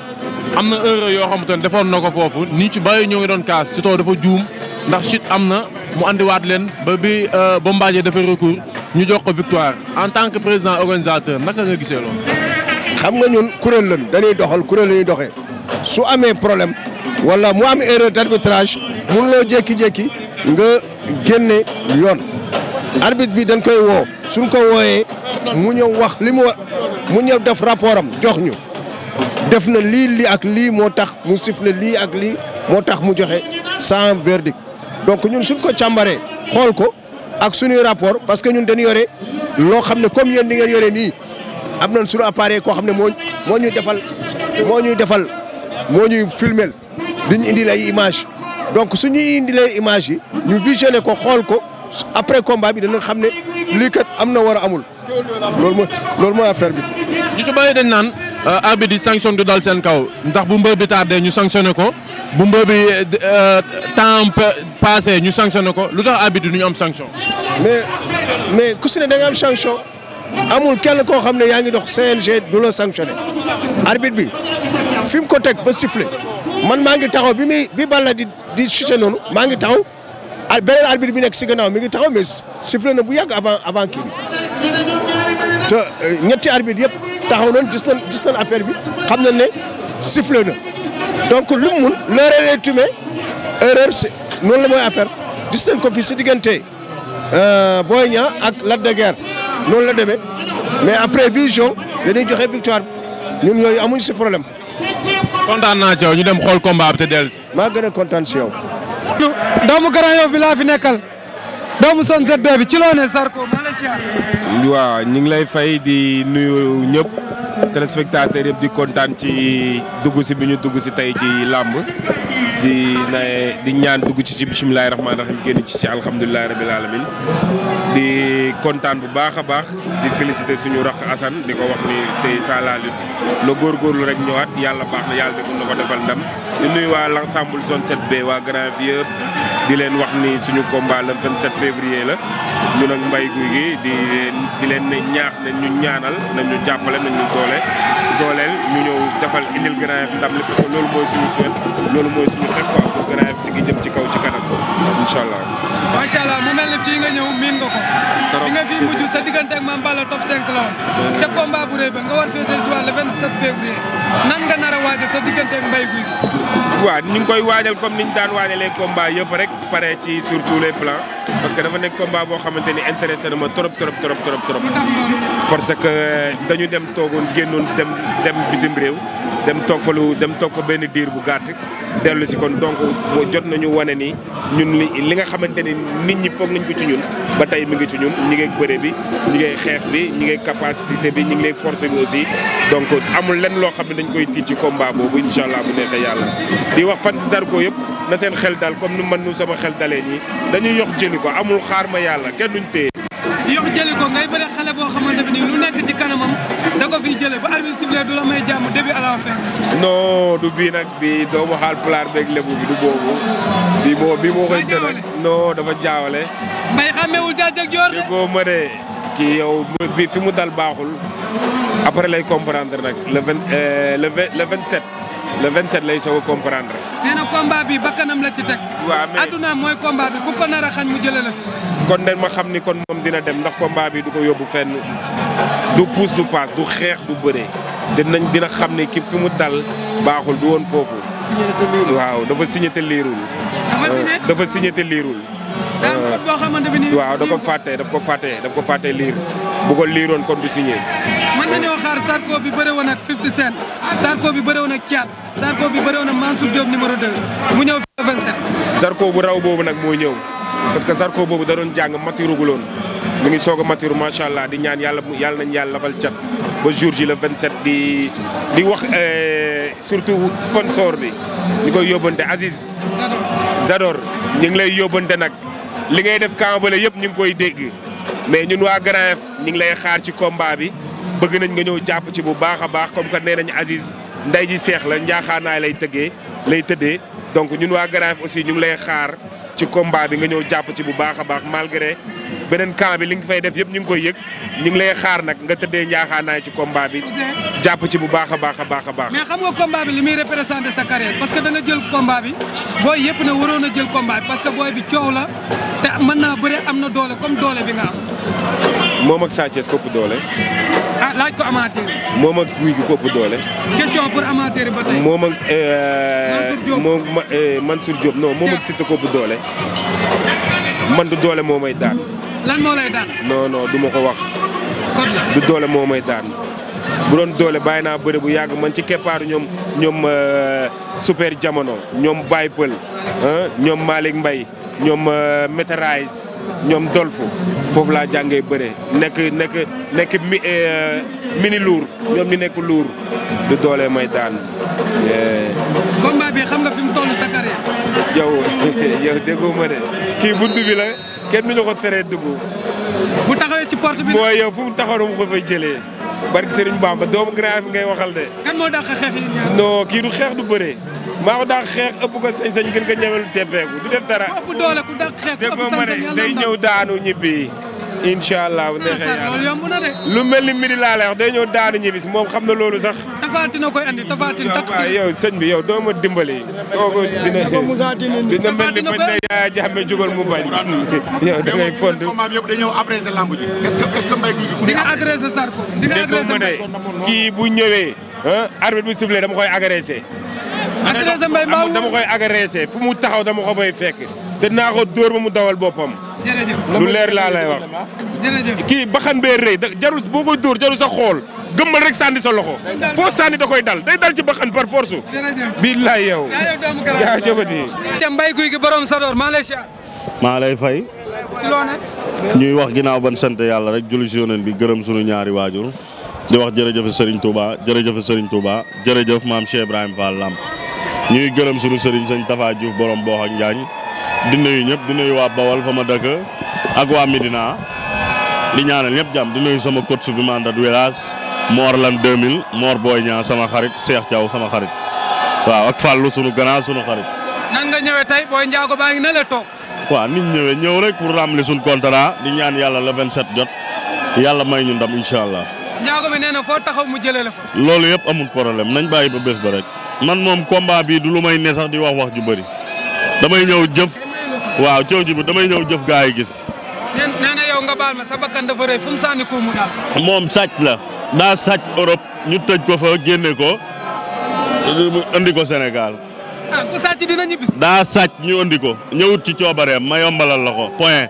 am na erreur yoo xamante ne defoon na ko foofu nii ci bàyyi ñoo ngi doon kaas Sitor dafa juum ndax sit am na mu andiwaat leen ba bi euh, Bombardier dafa recours ñu jox ko victoire en tant que président organisateur naka nga gisee loolu. xam nga ñun kuréel lañ dañuy doxal kuréel la ñuy doxee su amee problème wala mu am erreur d'arbitrage mun loo jékki-jékki nga génne yoon arbitre bi dañ koy woo suñ ko wooyee mu ñëw wax li mu mu ñëw def rapport am jox ñu def na lii lii ak lii moo tax mu siffle lii ak lii moo tax mu joxe sans verdict donc ñun suñ ko càmbaree xool ko ak suñuy rapport parce que ñun dañu yore loo xam ne comme yéen ni ngeen yore nii am nañ suñu appareil koo xam ne moo moo ñuy defal moo ñuy defal moo ñuy filmel diñu indi lay image donc suñuy indi lay image yi ñu visionné ko xool ko après combat bi dana xam ne lii am na war a amul loolu mooy loolu mooy affaire bi ñu ci bàyyi dañ naan Euh, arbitre yi sanction du dal seen kaw ndax bu mbër bi tardé ñu sanctionné ko bu mbër bi euh, euh, temps passé ñu sanctionné ko lu tax arbitre yi nu ñu am sanction. mais mais ku si ne da nga am sanction amul kenn koo xam ne yaa ngi dox CNG du la sanctionné arbitre bi fi mu ko teg ba sifflé man maa ngi taxaw bi muy bi balla di di chuté noonu maa ngi taxaw beneen arbitre bi nekk si gannaaw mi ngi taxaw mais sifflé na bu yàgg avant avant kii te euh, ñetti arbitre yëpp taxaw nañ gis nañ gis nañ affaire bi xam na ne sifflé na donc lu mu mun l'erreur est humaine erreur la mooy affaire gis nañ ko fii si diggante euh, Boy Niang ak Lac de Guiers noonu la demee mais après vision dañuy joxe victoire bi ñun yooyu amuñ si problème. kontaan naa yow ñu dem xool combat bi te dellu si. gën a kontaan si yow. doomu Grand Yoff bi laa fi nekkal. doomu son set bi ci loo ne Malaysia. waaw ñu ngi lay fay di nuyu ñëpp téléspectateurs yëpp di kontaan ci dugg si bi ñu dugg si tey ci làmb di di ñaan dugg ci ci bisimilahi rahmaani rahim génn ci ci alhamdulilahi rabil alamin di kontaan bu baax a baax di féliciter suñu rax Assane di ko wax ni c'est ça la lutte na góorgóorlu rek ñëwaat yàlla baax na yàlla def na ko defal ndam di nuyu waa l'ensemble zone 7 waa Grand Vieux di leen wax ni suñu combat le 27 février la ñu nag mbay guy gi di di leen ne ñaax nañ ñu ñaanal nañ ñu jàppale nañ ñu doole dooleel ñu ñëw defal indil Grand Yoff ndam li parce loolu mooy suñu seen loolu mooy suñu xel si gi jëm ci kaw ci kanam incha allah. macha allah mu mel ne fii nga ñëw miin nga ko. trop bi nga fi mujj sa diggante ak Mame Balla top 5 la woon. Euh. ca combat bu rëy ba nga war fee dellusiwaat le 27 février nan nga nar a waajal sa diggante ak mbay guy gi. waaw ñu ngi koy waajal comme ni ñu daan waajalee combat yëpp rek pare ci sur les plans parce que dafa nekk combat boo xamante ni intéressé na ma trop trop trop trop trop. parce que dañu dem toogoon génnoon dem dem bitim réew. dem toog fa lu dem toog fa benn diir bu gàtt dellu si kon donc jot nañu wane nii ñun li li nga xamante ni nit ñi foog nañ ko ci ñun ba tey mu ngi ci ñun ñu ngi bëre bi ñi ngi xeex bi ñi ngi capacité bi ñu ngi force bi aussi donc amul lenn loo xam ne dañ koy tiit ci combat boobu incha allah bu neexee yàlla di wax fan si Zarko yëpp na seen xel dal comme nu man nu sama xel dalee ñi dañuy yox jëli ko amul xaar ma yàlla kenn duñ yox jëli ko ngay bëre xale boo xamante bi ni lu nekk ci kanamam da ko fiy jële ba arbitre sifflé du la may jàmm début à la fin non du bii nag bi doomu xaal pulaar beeg lébu bi du boobu bi moo bi moo koy jël non dafa jaawale mbay xàmmeewul jaaj ak joor déggoo ma de kii yow bi fi mu dal baaxul après lay comprendre nag le vingt euh, le vingt le vingt sept le 27 lay soog a comprendre. nee na combat bi bakkanam la ci teg. waaw mais mooy combat bi ku ko nar a xañ mu jëlee kon den ma xam ni kon moom dina dem ndax ko combat bi du ko yóbbu fen du puus du paas du xeex du bëre dinañ dina xam ni ki fi mu dal baaxul du woon foofu. waaw dafa signé te liirul. dafa signé euh, te liirul. Euh, waaw da ko fàtte daf ko fàtte daf ko fàtte liir bu ko liiroon kon du signé. mën nañoo xaar Sarko bi bëre woon ak 50 Cent Sarko bi bëre woon ak Thiat Sarko bi bëre woon ak Mansour Diop numéro 2 mu ñëw 27. Sarko bu raw boobu nag moo ñëw. parce que Zarko boobu da doon jàng mature gu loon mu ngi soog a mature macha allah di ñaan yàlla yàlla nañ yàlla ba jour ji le 27 di di wax euh, surtout sponsor bi ñu koy yóbbante Aziz. Zador ñu ngi lay yóbbante nag li ngay def kambale yëpp ñu ngi koy dégg mais ñu waa Grand ñu ngi lay xaar ci combat bi bëgg nañ nga ñëw jàpp ci bu baax a baax comme que nee nañ Aziz ndey ji seex la njaaxaanaay lay tëggee lay tëddee donc ñun waa Grand Yoff aussi ñu ngi lay xaar. ci combat bi nga ñëw jàpp ci bu baax a baax malgré beneen camp li nga fay def yëpp ñu ngi koy yëg ñu ngi lay xaar nag nga tëddee njaaxaanaay ci combat bi jàpp ci bu baax a baax a baax a baax mais xam nga combat bi li muy représenté sa carrière parce que da nga jël combat bi booy yëpp na waroon a jël combat bi parce que booy bi coow la te mën naa na doole comme doole bi nga am moom ak Sa Thiès doole ah laaj moom ak guy gi doole. question pour amateur moom ak. Euh, Mansour Diop moom euh, Mansour Diop non moom ak Siteu kopp doole. man du doole moo may daan. lan moo du ma ko wax. du doole moo may daan. bu doon doole bàyyi naa bëri bu yàgg man ci keppaaru ñoom ñoom euh, super jamono ñoom Baye Pël ñoom Malick Mbaye ñoom euh, Métérise ñoom Dolfu foofu laa jànge bëre nekk nekk nekk mi euh, mini luur ñoom ñu nekk luur du doole may daan. combat yow yow déggoo ma kii bu bi la kenn duñu ko teree dugg. bu taxawee ci porte bi. mooy yow fu mu taxaw mu ko fay jëlee. barke Serigne Bamba doomu Grand bi ngay waxal de. kan moo dàq xeex kii du xeex du bëree. maa ko dàq xeex ëpp ko sañ-sañ gën ko ñemelu teppeeku du def dara. ku ëpp doole ku dàq day ñëw daanu ñibbi. incha allah bu neexee yàlla lu mel ni mi laa lay day ñëw daanu ñibis moom xam na loolu sax. tafaati koy andi tafaati takk waaw yow sëñ bi yow doo ma dimbali. kooku dina dina mel ni bañ ne yaa mu bañ. yow da fond. yëpp day ñëw adressé lamb ji. est que est bu ñëwee. arbitre bi dama koy agressé. fu mu taxaw dama ko fekk. te naa ko dóor ba mu dawal boppam lu leer laa lay wax. kii baxan bee rëy jarul boo koy sa xool gëmmal rek sànni sa loxo. foo sànni da koy dal day dal ci baxan par force. jërëjëf billaay yow. yaa jëfati. te mbay guy gi borom maa lay siyaar. maa lay fay. ci loo ne. ñuy wax ginnaaw ban sant yàlla rek julli si yonent bi gërëm sunu ñaari waajur. di wax jërëjëf Serigne tubaa jërëjëf Serigne Touba jërëjëf maam Cheikh Ibrahima Fall Lam ñuy gërëm sunu Serigne sëñ Tafa Diouf borom Boox ak Njaañ di nuyu ñëpp di nuyu waa Bawol fa ma dëkk ak waa Medina di ñaanal ñëpp jàmm di nuyu sama coach bi ma àndat Welaas Mor lan 2000 Mor Boy Niang sama xarit Cheikh Diaw sama xarit waaw ak Fallou sunu grand sunu xarit. nan nga ñëwee tey Boy Ndiago baa ngi ne toog. waaw nit ñëwee ñëw rek pour remplir suñu contrat di ñaan yàlla le 27 jot yàlla may ñu ndam incha allah. Ndiago mi foo taxaw mu jëlee la loolu yëpp amul problème nañ bàyyi ba bés ba rek. man moom combat bi du lu waaw coow ji bi damay ñëw jëf gaa yi gis. nga baal ma sa bakkan dafa rëy fu daal. moom sàcc la daa sàcc Europe ñu tëj ko fa génne ko indi ko Sénégal. Ah, daa sàcc ñu indi ko. ñëwut ci coobareem ma yombalal la ko point.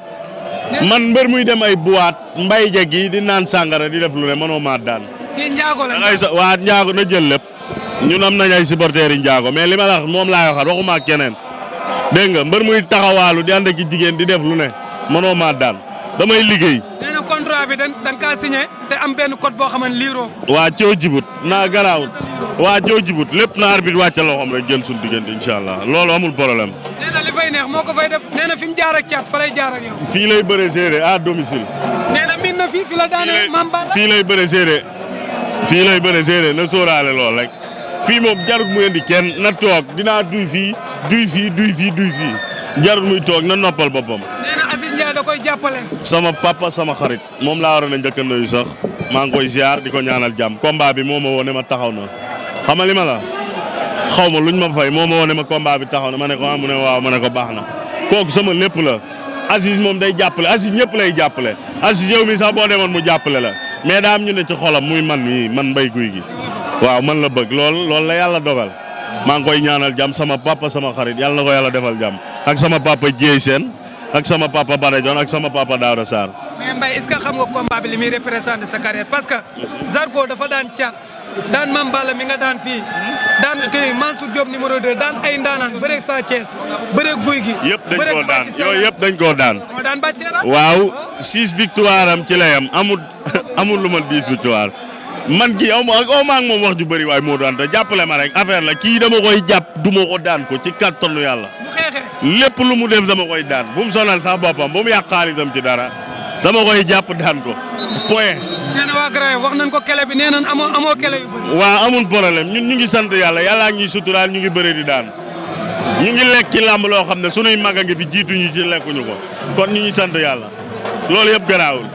man mbër muy dem ay boîte mbay jeg yi di naan sàngara di def lu ne mënoo maat daan. kii njaago la waa njaago na jël lépp. ñu am na ay supporters yi njaago mais li ma la moom laa waxal waxuma ak keneen. dégg nga mbër muy taxawaalu di ànd ak jigéen di def lu ne mënoo maa daan damay liggéey. nee na contrat te am benn code boo xam ne waa coow jibut naa garaawut waa coow jibut lépp na arbitre wàcc loxoom rek jël suñu diggante incha allah loolu amul problème. fii lay bëree séeréer à domicile. fii lay bëree séeréer fii lay na sóoraale lool rek fii moom jarut mu indi kenn na toog dinaa duy fii. duy fii duy fii duy fii muy toog na noppal boppam. nee na Aziz Ndiaye da koy jàppale. sama papa sama xarit moom laa waroon a njëkk a nuyu sax maa ngi koy ziar di ko ñaanal jàmm combat bi moo ma wone ma taxaw na xam nga li ma la xaw ma luñ ma fay moo ma wone ma combat bi taxaw na ma ne ko ah mu ne waaw mane ko baax na kooku sama lépp la Aziz moom day jàppale Aziz ñëpp lay jàppale Aziz yow mi sax boo demoon mu jàppale la mais daa am ñu ne ci xolam muy man mii man mbay guy gi waaw man la bëgg lool loolu la yàlla dogal. maa ngi koy ñaanal jàmm sama papa sama xarit yàlla na ko yàlla defal jàmm ak sama papa Dieye Sène ak sama papa Barajon ak sama papa Daouda Sarr. mais Mbaye est xam nga combat bi li muy représenté sa parce que Zarko dafa daan caat daan Mame Balla mi nga daan fii daan kii Mansour Diop numéro 2 daan ay ndaanaan bëreeg Sa Thiès guy gi. yëpp dañ koo daan yooyu yëpp dañ koo daan. waaw six victoire am ci layam amul amul victoire. man kii aw ma ma ak moom wax ju bëri waaye moo daan te le ma rek affaire la kii dama koy jàpp du ma ko daan ko ci kattanu yàlla. lépp lu mu def dama koy daan bu mu sonal sax boppam bu mu yàq xaalisam ci dara dama koy jàpp daan ko point. nee na waa Garaye wax nañ ko kele bi nee nañ amoo amoo kele yu bëri. waaw amul problème ñun ñu ngi sant yàlla yàllaa ngi suturaal ñu ngi bëri di daan ñu ngi lekk làmb loo xam ne sunuy mag a ngi fi jiituñu ci lekkuñu ko kon ñu ngi sant yàlla loolu yëpp garaawul.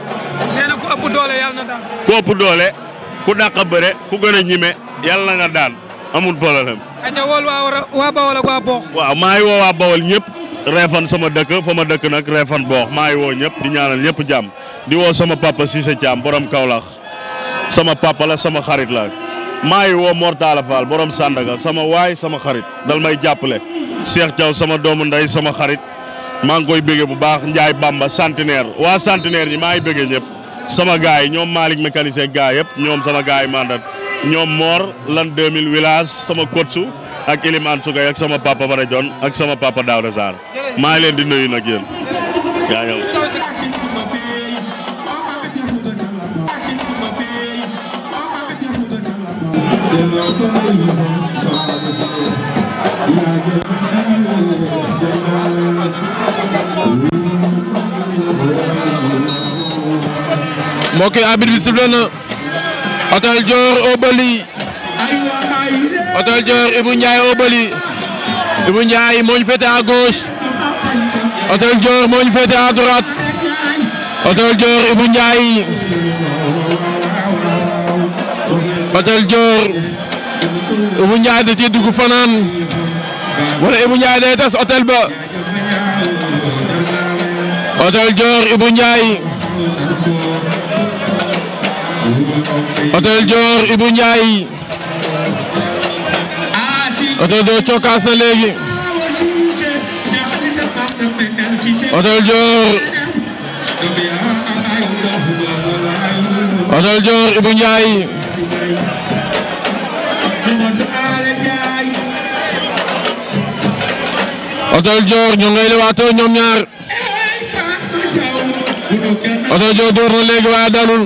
ku dàq a bëre ku gën a ñime yàlla na nga daan amul problème. ayca wol waa waa Bawol ak waa Boox. waaw maa ngi woo waa Bawol ñëpp reefan sama dëkk fa ma dëkk nag reefan boox maa ngi woo ñëpp di ñaanal ñëpp jàmm di woo sama papa Cissé Thiam borom Kaolack sama papa sama xarit la maa ngi woo Mor Talla borom Sandaga sama waay sama xarit dal may jàppale Cheikh Thiaw sama doomu ndey sama xarit maa ngi koy bége bu baax Ndiaye Bamba centenaire waa centenaire ñi maa ngi bége ñëpp. sama gars yi ñoom Malick mécanicien gars yëpp ñoom sama gars yi mandat ñoom Mor lan 2000 village sama kotsu ak Elimane Sougay ak sama papa Bara ak sama papa Daouda Sarr maa ngi leen di nuyu nag mbokk yi arbitre bi sifflé na Hôtel Dior Obali Hôtel Dior Ibou Ndiaye Obali Ibou Ndiaye moo ñu féete à gauche Hôtel Dior moo ñu féete à droite Hôtel fanaan wala Ibou Ndiaye day tas hôtel ba Hôtel Dior Ibou Ndiaye Hôtel Dior Ibou Ndiaye Hôtel Dior cokkaas na léegi Hôtel Dior Hôtel Dior Ibou Ndiaye Hôtel Dior ñu ngay lewaatoo ñoom ñaar Hôtel Dior door na léegi waaye dalul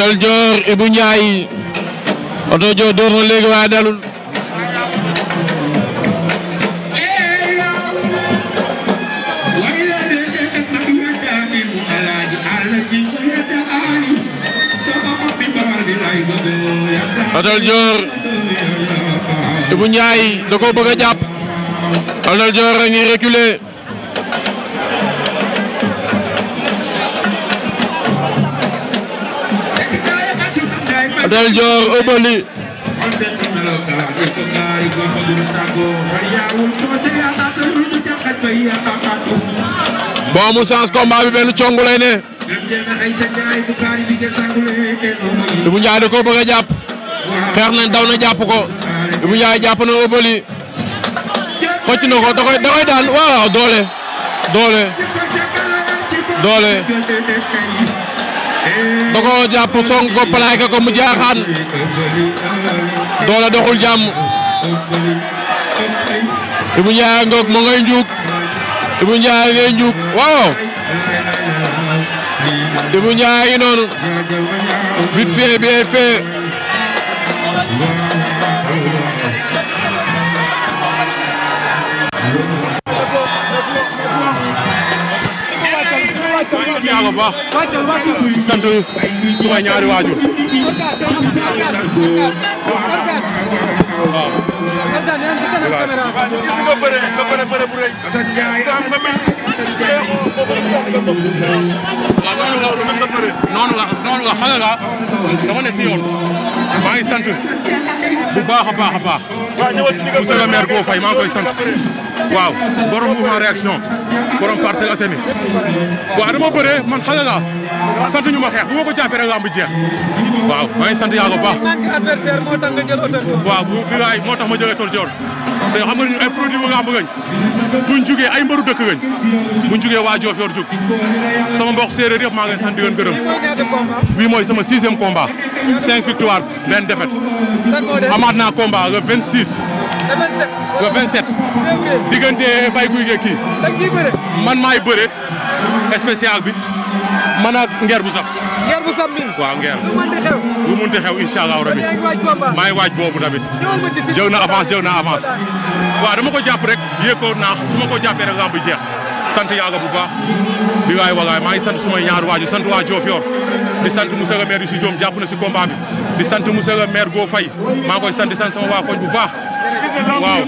Hôtel Dior Ibou Ndiaye Hôtel Dior door na Hôtel Dior Obali bon mu chance combat bi benn congu lay ne Ibou Ndiaye da ko bëgg a jàpp xeex nañ daw na jàpp ko Ibou Ndiaye jàpp na Obali xocc na ko da koy da koy daan waaw doole doole doole da ko jàpp song ko plaqué ko mu jaaxaan doole doxul jàmm Ibou Ndiaye ngoog mo ngay njuug Ibou Ndiaye ngay njuug waaw Ibou Ndiaye noonu vite fait bien fait baax sant suma ñaari waajur waaw. gis nga bëre nga bëre noonu si yoon maa ngi sant bu baax a baax a baax. monsieur le maire Go Faye maa koy sant waaw borom mouvement réaction. borom Parcelles Assainies waaw dama bëree man xale laa sant ñu ma xeex bu ma ko jàppee rek lamb jeex waaw maa ngi sant yàlla bu baax. adversaire moo tax moo tax ma jëlee tool joor te xam nga ñu ay produit bu lamb lañ buñ jugee ay mbaru dëkk lañ buñ jugee waa Diofior jug sama mbokk séeréer yëpp maa ngi leen sant di leen gërëm. bii mooy sama sixième combat cinq victoire benn défaite. amaat naa combat le 26. le 27 diggante Mbaye Gouye Gui man maay bëre spécial bi man ak ngeer bu ngeer bu sax mi waaw ngeer lu mënti xew lu mënti xew incha allah rabi maa ngi waaj boobu tamit jëw na avance jëw na avance waa dama ko jàpp rek yéeg ko naax su ma ko jàppee rek lamb bu jeex sant yàlla bu baax bi waay walaay maa ngi sant suma sumay ñaar waaju sant waa Diofior di sant monsieur le maire Youssou Diom jàpp na si combat bi di sant monsieur le maire Go Faye maa ngi koy sant sama waa koñ bu baax waaw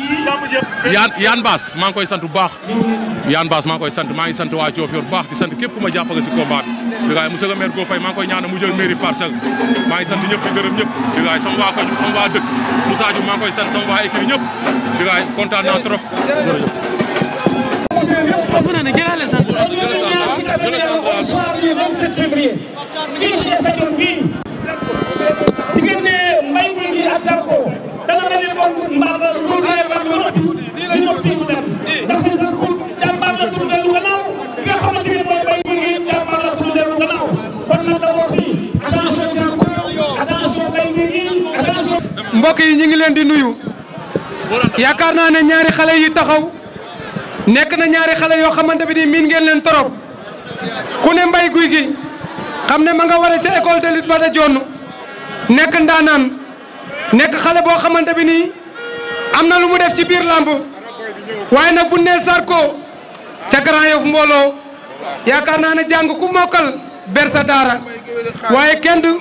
yaan yaan baas maa ngi koy sant bu baax yaan baas maa ngi koy sant maa ngi sant waa Diofior baax di sant képp ku ma jàppale si combat bi koy ñaanal mu jël mairie parcelle maa ngi sant ñëpp di gërëm ñëpp di gaay sama waa koñ sama waa dëkk Moussa Diouf maa ngi sant sama waa équipe ñëpp di gaay kontaan naa trop jërëjëf. ak mbokk yi ñu ngi leen di nuyu yaakaar naa ne ñaari xale yi taxaw nekk na ñaari xale yoo xamante bi ni miin ngeen leen torop ku ne mbay guy gi xam ne ma nga waree ca école de ba da jonn nekk ndaanaan nekk xale boo xamante bi nii am na lu mu def ci biir làmb waaye nag bu nee Zarko ca Grand Yoff mbooloo yaakaar naa ne jàng ku mokkal ber sa daara waaye kenn du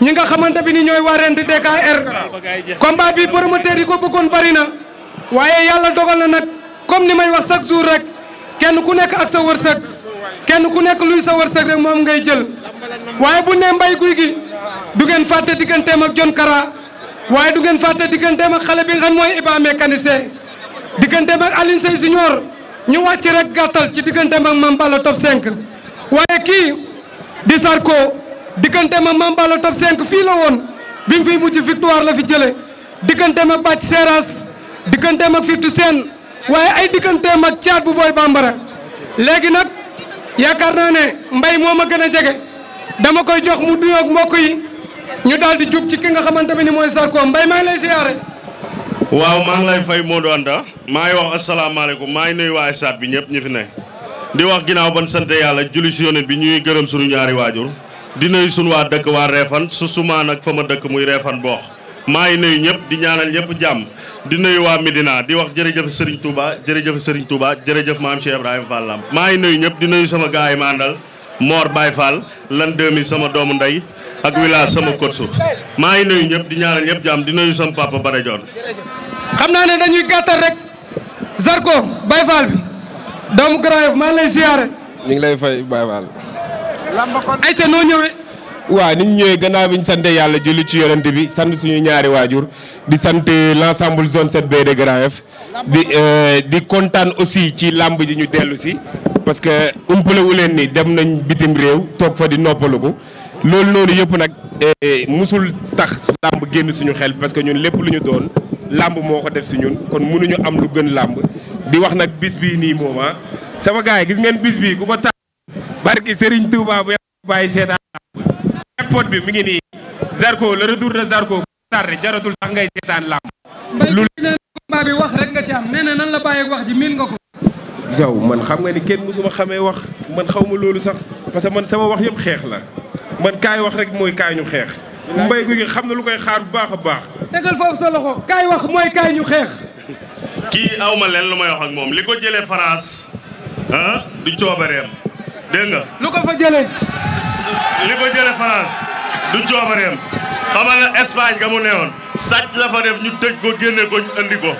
ñi nga xamante bi ni ñooy waa REND DKR combat bi promoteur yi ko bëggoon bari na waaye yàlla dogal na nag comme ni may wax chaque jour rek kenn ku nekk ak sa wërsëg kenn ku nekk luy sa wërsëg rek moom ngay jël waaye bu ne mbay guy gi du ngeen fàtte digganteem ak John waaye du ngeen fàtte digganteem ak xale bi nga xam mooy Iba mécanicien digganteem ak Alioune Seye Junior ñu wàcc rek gàttal ci digganteem ak Mame Balla top 5. waaye kii di Sarko digganteem ak Mame Balla top 5 fii la woon bi mu fiy mujj victoire la fi jële digganteem ak Bathie Seras digganteem ak Fitou Sène waaye ay digganteem ak caat bu booy bambara léegi nag yaakaar naa ne mbay moo ma gën a jege dama koy jox mu duyoog mbokk yi. ñu daal di jub ci ki nga xamante ni mooy Zarko Mbaye maa ngi lay ziare. waaw maa ngi lay fay Modou Anta maa ngi wax asalaamaaleykum maa ngi nuyu waa stade bi ñëpp ñu fi ne. di wax ginnaaw ban sant yàlla julli si yonent bi ñuy gërëm suñu ñaari waajur di nuyu sunu waa dëkk waa Réfane su suma nag fa ma dëkk muy Réfane boox maa ngi nuyu ñëpp di ñaanal ñëpp jàmm di nuyu waa Medina di wax jërëjëf Serigne Touba jërëjëf Serigne Touba jërëjëf maam Cheikh Ibrahima Fall maa ngi nuyu ñëpp di nuyu sama yi ma àndal Mor Baye Fall lan 2000 sama doomu ndey ak wilaas sama kotsu maa ngi nuyu ñëpp di ñaanal ñëpp jàmm di nuyu sama papa Bara Dione. xam naa ne dañuy gàttal rek Zarko Baye Fall bi doomu Grand maa ngi lay siyaare. ñu ngi lay fay Baye Fall. lamba kon noo ñëwee. waaw ni ñu ñëwee gannaaw bi ñu sant yàlla julli ci yonent bi sant suñu ñaari waajur di sant l'ensemble zone 7B de Grand Yoff di euh, di kontaan aussi ci làmb ji ñu dellu si parce que umpale wu leen ni dem nañ bitim réew toog fa di noppalu ko loolu noonu yëpp nag eh, eh, musul tax làmb génn suñu xel parce que ñun lépp lu ñu doon làmb moo ko def si ñun kon mënuñu am lu gën làmb di wax nag bis bii nii moom ah sama gars yi gis ngeen bis bii ku ko tax barki Serigne Touba bu bàyyi seetaan làmb bi mi ngi nii Zarko le retour de Zarko bu jaratul sax ngay seetaan làmb lu combat bi wax rek nga ci am nee nan la bàyyi wax ji miin nga ko yow man xam nga ni kenn mësuma xamee wax man xaw ma loolu sax parce que man sama wax yëpp xeex la man kaay wax rek mooy kaay ñu xeex. mbay gu xam na lu koy xaar bu baax a baax. tegal foofu sa loxo kaay wax mooy kaay ñu xeex. kii aw ma leen lu may wax moom li ko jëlee France ah du coobareem dégg nga. lu ko fa jëlee. li ko jëlee France du coobareem xamal na Espagne ga mu ne woon la fa def ñu tëj ko génne ko indi ko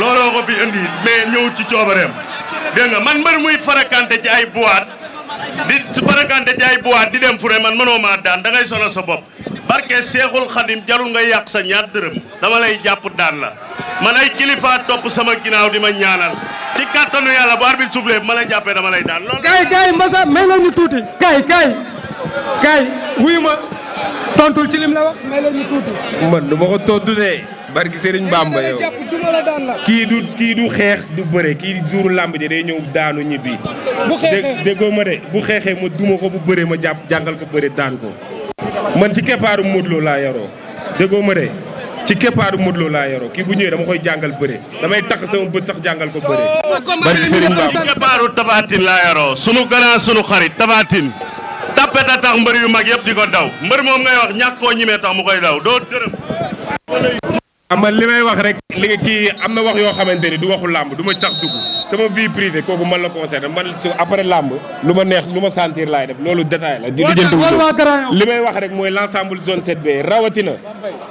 looloo ko fi indi mais ñëw ci coobareem dégg nga man mbër muy farakante ci ay boîte. di parakante jaay buwaat di dem fure man mënoo maa daan da ngay solo sa bopp barke seexul xadim jarul nga yàq sa ñaar dërëm dama lay jàpp daan la man ay kilifaa topp sama ginnaaw di ma ñaanal ci kàttanu yàlla bu arbitre soufflé ma lay jàppee dama lay daan loolu kay kay mbasa may la ñu tuuti kay kay kay wuyu tontul ci lim la wax may la tuuti man du ma ko tontu de barki Serigne Bamba mbaam kii du kii du xeex du bëre kii jour làmb ji day ñëw daanu ñibbi. bu ma de bu xeexee ma duma ko bu bëree ma jàpp jàngal ko bëre daan ko. man ci keppaaru Modou Lo laa yaroo déggoo ma de ci keppaaru Modou Lo laa yaroo kii bu ñëwee dama koy jàngal bëre damay takk sama bët sax jàngal sunu grand sunu xarit Tafatine. tapet a tax mbër yu mag yëpp di ko daw mbër moom ngay wax ñàkk koo ñimee tax mu koy daw doo dërëm. am na li may wax rek li ki am na wax yoo xamante ni du waxu làmb du ma sax dugg sama vie privée kooku man la concerné man après làmb lu ma neex lu ma sentir laay def loolu détail la. di lijjanti li may wax rek mooy l' ensemble zone 7 rawatina.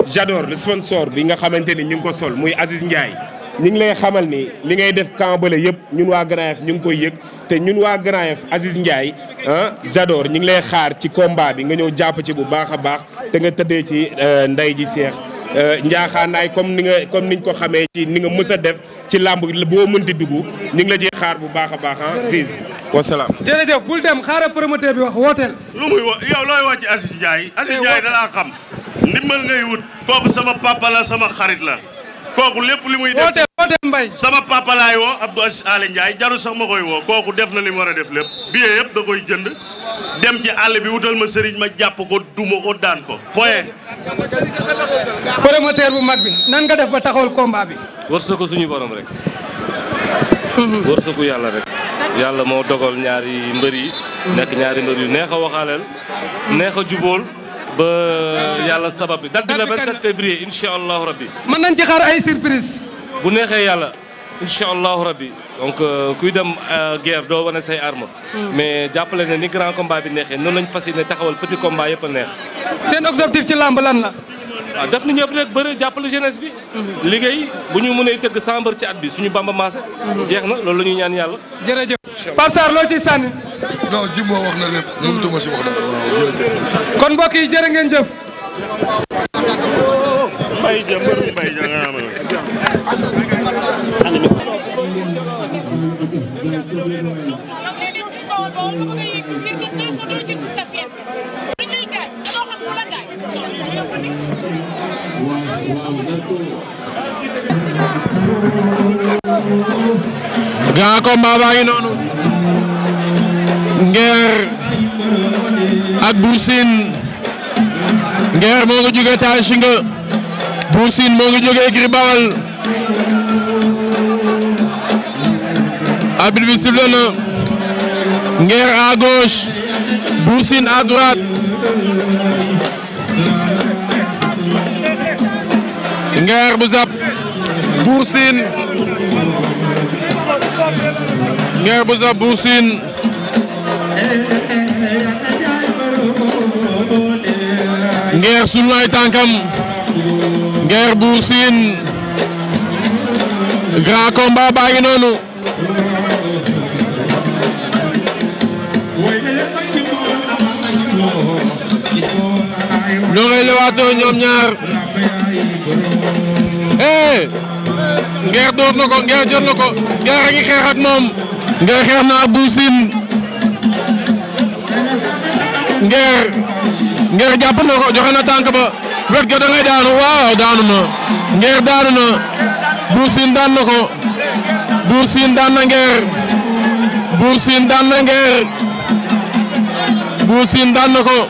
j'adore le sponsor bi nga xamante ni ñu ngi ko sol muy Aziz Ndiaye ñu lay xamal ni li ngay def kambale yëpp ñun waa Grand Yoff ñu ngi koy yëg te ñun waa Grand Yoff Aziz Ndiaye ah j'adore ñu ngi lay xaar ci combat bi nga ñëw jàpp ci bu baax a baax te nga tëddee ci euh, ndey ji seex. Euh, njaaxaanaay comme ni nga comme niñ ko xamee ci ni nga mës a def ci làmb boo mënti dugg ñu ngi la ci xaar bu baax a baax ah Ziz wasalaam. jërëjëf bul dem xaaral promoteur bi wax wooteel. lu muy wax yow looy wax ci Aziz Ndiaye. Eh, Aziz Ndiaye da laa xam. ndimbal ngay wut. kooku sama papa la sama xarit la. kooku lépp li muy def sama papa laay woo Abdou Aziz Aly Ndiaye jarul sax ma koy woo kooku def na li mu war a def lépp billet yëpp da koy jënd dem ci àll bi wutal ma sëriñ ma jàpp ko duma ko daan ko point promoteur bu mag bi nan nga def ba taxawal komba bi wërsëgu suñu borom rek mhm. wërsëgu yàlla rek yàlla moo dogal ñaari mbër yi nekk ñaari mbër yu neex a waxaaleel neex a jubool ba yàlla sabab bi date bi le 27 février incha allahu rabbi. mën nañ ci xaar ay bu neexee yàlla incha allahu rabbi donc euh, kuy dem euh, guerre doo wane say arme hmm. mais jàppale ne ni grand combat bi neexee noonu lañ fas yéene taxawal petit combat yëpp a neex. seen waaw def na ñëpp rek bëri jàppale jeunesse bi. liggéey bu ñu mënee tëgg sambar ci at bi suñu bamba maase. jeex na loolu la ñuy ñaan yàlla. jërëjëf Pape Sarr loo ciy sànni. non Jimbo wax na lépp. mënutuma si wax dara waaw kon mbokk yi ngeen jëf. grand maa baa ngi noonu Nguer ak Bour Sine Nguer moo ngi jóge Taïsinga Bour Sine moo ngi jóge Gris Baol arbitre bi sifflé na Nguer à gauche Bour Sine à droite Nguer bu zap Ngeer bu Zab Buur Siin Ngeer sul na ay Ngeer Buur Siin grand combat baa ngi noonu ñoo ngay lewaatoo ñoom ñaar eh Ngeer door na Ngeer jot na Ngeer a ngi xeex moom Nguer xeex na ak Bou Sine Nguer jàpp na ko joxe na tànk ba wet ga daanu waaw daanu na Nguer daanu na Bou Sine daan na ko Bou Sine daan na